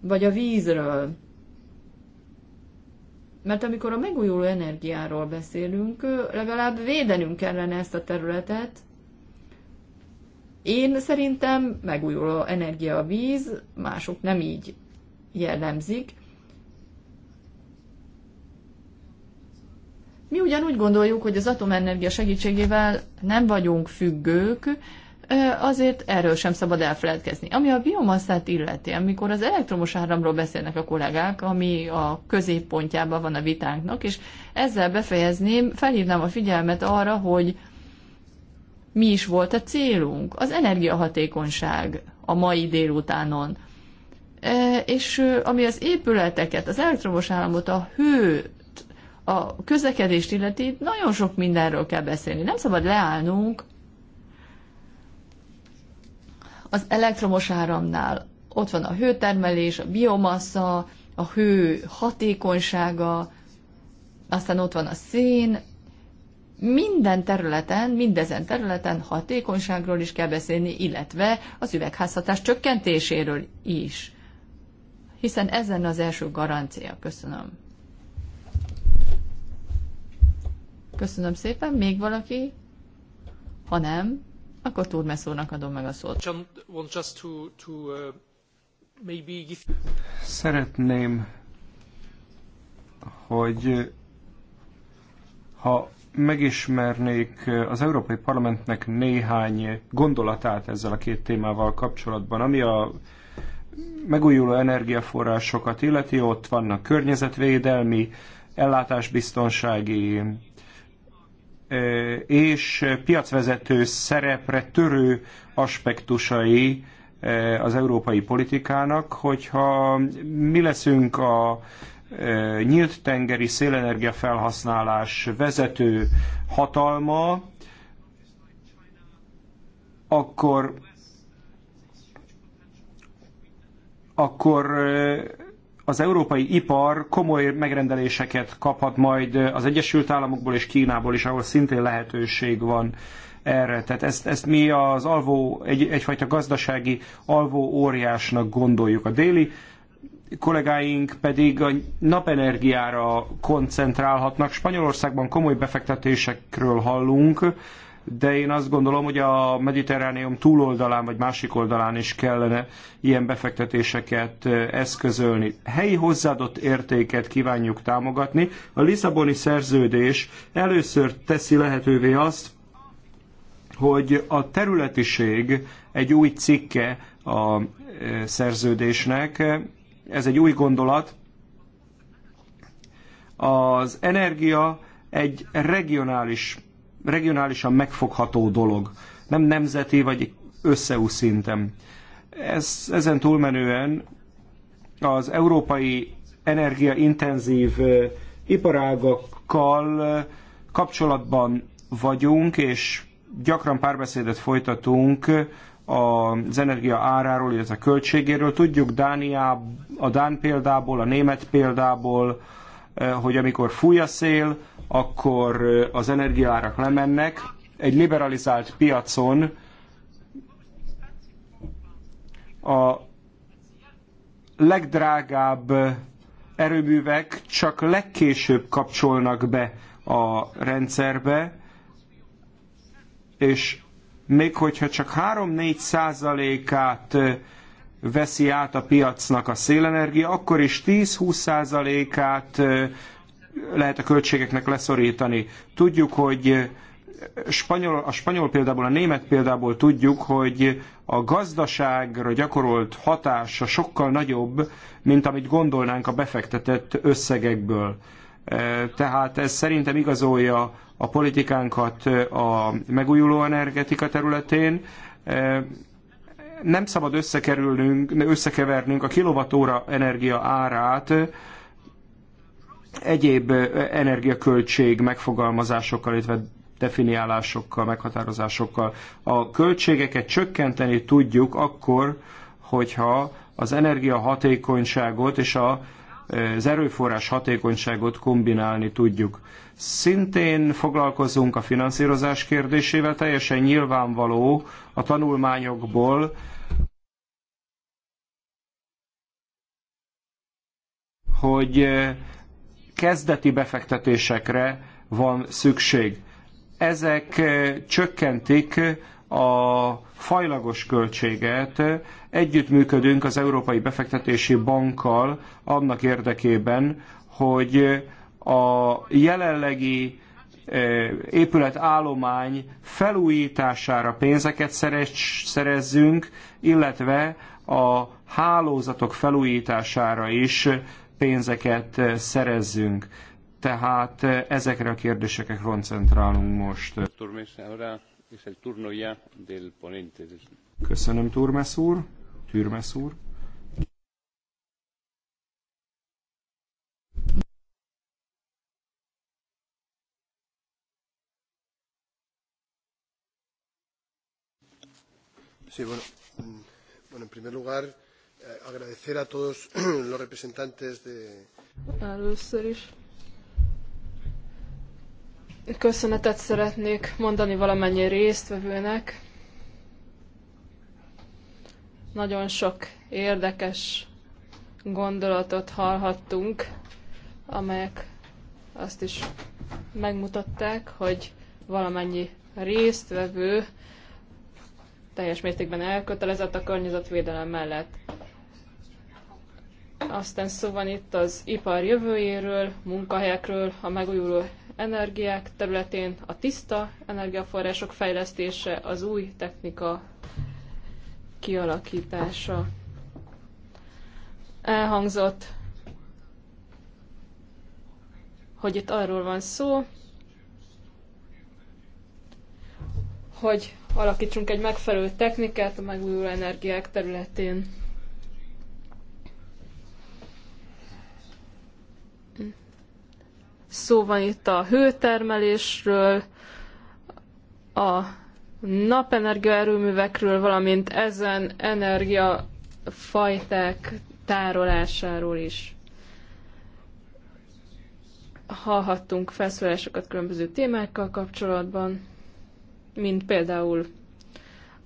vagy a vízről. Mert amikor a megújuló energiáról beszélünk, legalább védenünk kellene ezt a területet. Én szerintem megújuló energia a víz, mások nem így jellemzik, Mi ugyanúgy gondoljuk, hogy az atomenergia segítségével nem vagyunk függők, azért erről sem szabad elfeledkezni. Ami a biomaszát illeti, amikor az elektromos áramról beszélnek a kollégák, ami a középpontjában van a vitánknak, és ezzel befejezném, felhívnám a figyelmet arra, hogy mi is volt a célunk, az energiahatékonyság a mai délutánon. És ami az épületeket, az elektromos államot, a hő a közlekedést illeti, nagyon sok mindenről kell beszélni. Nem szabad leállnunk az elektromos áramnál. Ott van a hőtermelés, a biomassa, a hő hatékonysága, aztán ott van a szén. Minden területen, mindezen területen hatékonyságról is kell beszélni, illetve az üvegházhatás csökkentéséről is. Hiszen ezen az első garancia. Köszönöm. Köszönöm szépen. Még valaki? Ha nem, akkor Turmeszónak adom meg a szót. Szeretném, hogy ha megismernék az Európai Parlamentnek néhány gondolatát ezzel a két témával kapcsolatban, ami a megújuló energiaforrásokat illeti, ott vannak környezetvédelmi, ellátásbiztonsági, és piacvezető szerepre törő aspektusai az európai politikának, hogyha mi leszünk a nyílt tengeri szélenergia felhasználás vezető hatalma, akkor akkor az európai ipar komoly megrendeléseket kaphat majd az Egyesült Államokból és Kínából is, ahol szintén lehetőség van erre. Tehát ezt, ezt mi az alvó, egy, egyfajta gazdasági alvó óriásnak gondoljuk. A déli kollégáink pedig a napenergiára koncentrálhatnak. Spanyolországban komoly befektetésekről hallunk, de én azt gondolom, hogy a mediterránium túloldalán vagy másik oldalán is kellene ilyen befektetéseket eszközölni. Helyi hozzáadott értéket kívánjuk támogatni. A Lisszaboni szerződés először teszi lehetővé azt, hogy a területiség egy új cikke a szerződésnek, ez egy új gondolat, az energia egy regionális regionálisan megfogható dolog, nem nemzeti vagy összeú szinten. Ez, ezen túlmenően az európai energiaintenzív iparágakkal kapcsolatban vagyunk, és gyakran párbeszédet folytatunk az energia áráról, illetve a költségéről. Tudjuk Dániá, a Dán példából, a német példából, hogy amikor fúj a szél, akkor az energiaárak lemennek. Egy liberalizált piacon a legdrágább erőművek csak legkésőbb kapcsolnak be a rendszerbe, és még hogyha csak 3-4 százalékát veszi át a piacnak a szélenergia, akkor is 10-20 százalékát lehet a költségeknek leszorítani. Tudjuk, hogy spanyol, a spanyol példából, a német példából tudjuk, hogy a gazdaságra gyakorolt hatása sokkal nagyobb, mint amit gondolnánk a befektetett összegekből. E, tehát ez szerintem igazolja a politikánkat a megújuló energetika területén. E, nem szabad összekerülnünk, összekevernünk a kilovatóra energia árát egyéb energiaköltség megfogalmazásokkal, illetve definiálásokkal, meghatározásokkal. A költségeket csökkenteni tudjuk akkor, hogyha az energiahatékonyságot és a, az erőforrás hatékonyságot kombinálni tudjuk. Szintén foglalkozunk a finanszírozás kérdésével, teljesen nyilvánvaló a tanulmányokból, hogy kezdeti befektetésekre van szükség. Ezek csökkentik a fajlagos költséget. Együttműködünk az Európai Befektetési Bankkal annak érdekében, hogy a jelenlegi épületállomány felújítására pénzeket szerezzünk, illetve a hálózatok felújítására is pénzeket eh, szerezzünk. Tehát eh, ezekre a kérdésekre koncentrálunk most. Köszönöm, Turmes úr. Türmes úr. Sí, bueno, mm, bueno, en primer lugar, Eh, agradecer a todos [CLEARS THROAT] los representantes de... Először is köszönetet szeretnék mondani valamennyi résztvevőnek. Nagyon sok érdekes gondolatot hallhattunk, amelyek azt is megmutatták, hogy valamennyi résztvevő teljes mértékben elkötelezett a környezetvédelem mellett aztán szó van itt az ipar jövőjéről, munkahelyekről, a megújuló energiák területén, a tiszta energiaforrások fejlesztése, az új technika kialakítása. Elhangzott, hogy itt arról van szó, hogy alakítsunk egy megfelelő technikát a megújuló energiák területén. Szó van itt a hőtermelésről, a napenergia erőművekről, valamint ezen energiafajták tárolásáról is. Hallhattunk felszólásokat különböző témákkal kapcsolatban, mint például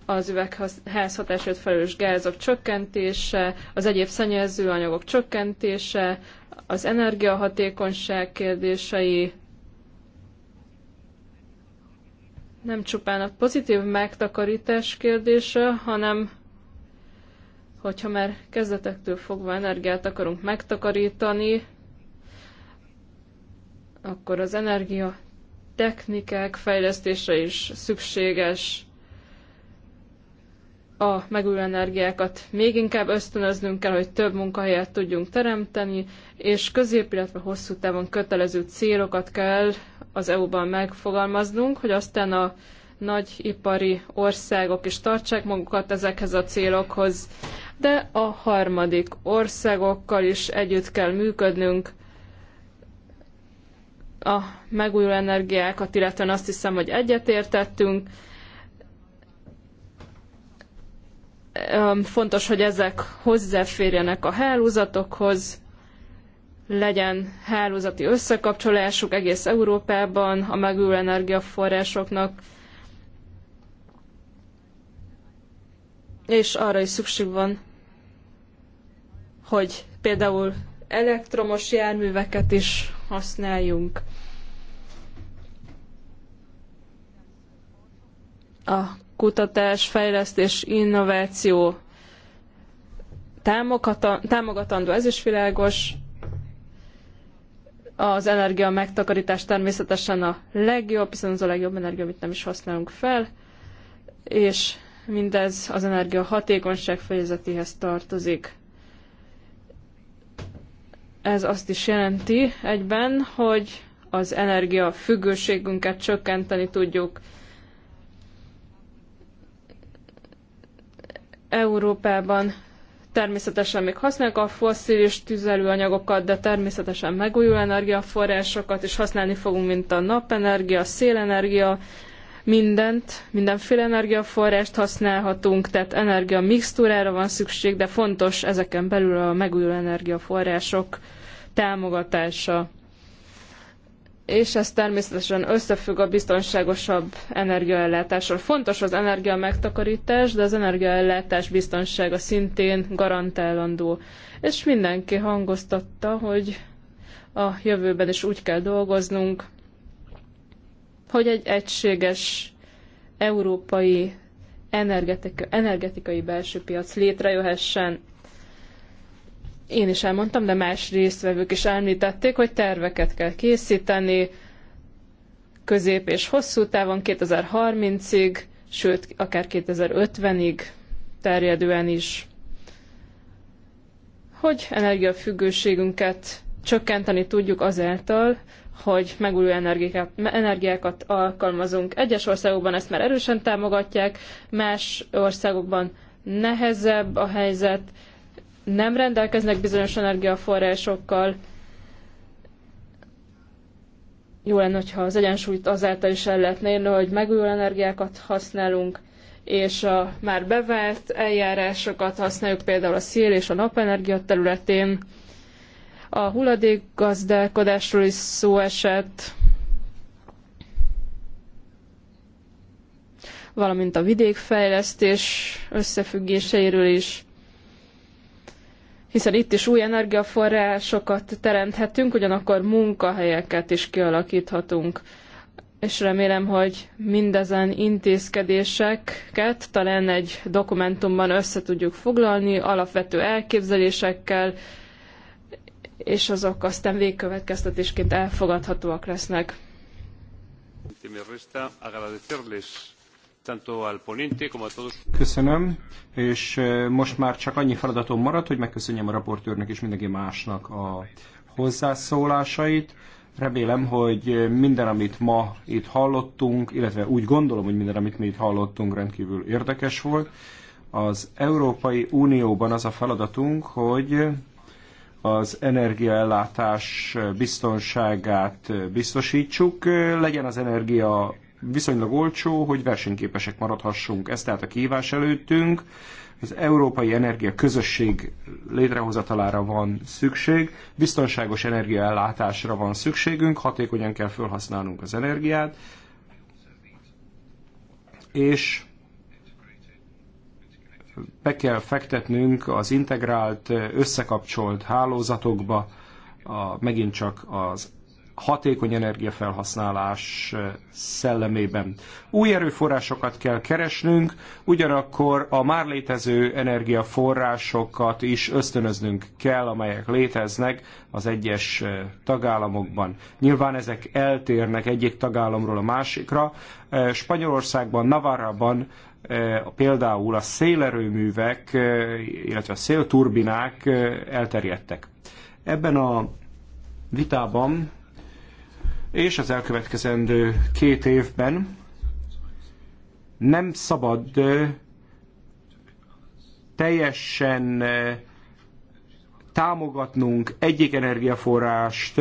az üvegházhatásért felelős gázok csökkentése, az egyéb szennyező anyagok csökkentése, az energiahatékonyság kérdései nem csupán a pozitív megtakarítás kérdése, hanem hogyha már kezdetektől fogva energiát akarunk megtakarítani, akkor az energia technikák fejlesztése is szükséges a megújuló energiákat még inkább ösztönöznünk kell, hogy több munkahelyet tudjunk teremteni, és közép, illetve hosszú távon kötelező célokat kell az EU-ban megfogalmaznunk, hogy aztán a nagy ipari országok is tartsák magukat ezekhez a célokhoz, de a harmadik országokkal is együtt kell működnünk a megújuló energiákat, illetve azt hiszem, hogy egyetértettünk, Fontos, hogy ezek hozzáférjenek a hálózatokhoz, legyen hálózati összekapcsolásuk egész Európában a megújuló energiaforrásoknak, és arra is szükség van, hogy például elektromos járműveket is használjunk. A kutatás, fejlesztés, innováció támogatandó, ez is világos. Az energia megtakarítás természetesen a legjobb, hiszen az a legjobb energia, amit nem is használunk fel, és mindez az energia hatékonyság fejezetéhez tartozik. Ez azt is jelenti egyben, hogy az energia függőségünket csökkenteni tudjuk. Európában természetesen még használjuk a fosszilis tüzelőanyagokat, de természetesen megújuló energiaforrásokat is használni fogunk, mint a napenergia, szélenergia, mindent, mindenféle energiaforrást használhatunk, tehát energia mixtúrára van szükség, de fontos ezeken belül a megújuló energiaforrások támogatása és ez természetesen összefügg a biztonságosabb energiaellátással. Fontos az energia megtakarítás, de az energiaellátás biztonsága szintén garantálandó. És mindenki hangoztatta, hogy a jövőben is úgy kell dolgoznunk, hogy egy egységes európai energetikai belső piac létrejöhessen. Én is elmondtam, de más résztvevők is említették, hogy terveket kell készíteni közép és hosszú távon 2030-ig, sőt akár 2050-ig terjedően is, hogy energiafüggőségünket csökkenteni tudjuk azáltal, hogy megújuló energiákat, energiákat alkalmazunk. Egyes országokban ezt már erősen támogatják, más országokban nehezebb a helyzet, nem rendelkeznek bizonyos energiaforrásokkal. Jó lenne, ha az egyensúlyt azáltal is el lehetne érni, hogy megújuló energiákat használunk, és a már bevált eljárásokat használjuk például a szél és a napenergia területén. A hulladékgazdálkodásról is szó esett, valamint a vidékfejlesztés összefüggéseiről is hiszen itt is új energiaforrásokat teremthetünk, ugyanakkor munkahelyeket is kialakíthatunk. És remélem, hogy mindezen intézkedéseket talán egy dokumentumban össze tudjuk foglalni, alapvető elképzelésekkel, és azok aztán végkövetkeztetésként elfogadhatóak lesznek. Köszönöm, és most már csak annyi feladatom maradt, hogy megköszönjem a raportőrnek és mindenki másnak a hozzászólásait. Remélem, hogy minden, amit ma itt hallottunk, illetve úgy gondolom, hogy minden, amit mi itt hallottunk, rendkívül érdekes volt. Az Európai Unióban az a feladatunk, hogy az energiaellátás biztonságát biztosítsuk, legyen az energia viszonylag olcsó, hogy versenyképesek maradhassunk. Ez tehát a kívás előttünk. Az Európai Energia Közösség létrehozatalára van szükség, biztonságos energiaellátásra van szükségünk, hatékonyan kell felhasználnunk az energiát, és be kell fektetnünk az integrált, összekapcsolt hálózatokba, a, megint csak az hatékony energiafelhasználás szellemében. Új erőforrásokat kell keresnünk, ugyanakkor a már létező energiaforrásokat is ösztönöznünk kell, amelyek léteznek az egyes tagállamokban. Nyilván ezek eltérnek egyik tagállamról a másikra. Spanyolországban, Navarraban például a szélerőművek, illetve a szélturbinák elterjedtek. Ebben a vitában és az elkövetkezendő két évben nem szabad teljesen támogatnunk egyik energiaforrást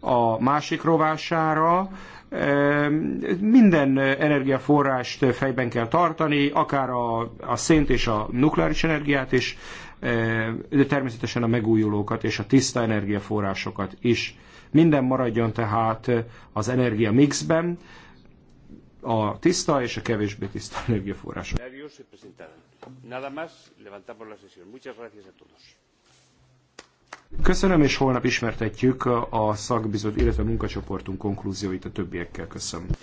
a másik rovására, minden energiaforrást fejben kell tartani, akár a, a szént és a nukleáris energiát is, de természetesen a megújulókat és a tiszta energiaforrásokat is. Minden maradjon tehát az energia mixben, a tiszta és a kevésbé tiszta energiaforrások. Köszönöm, és holnap ismertetjük a szakbizot, illetve a munkacsoportunk konklúzióit a többiekkel. Köszönöm.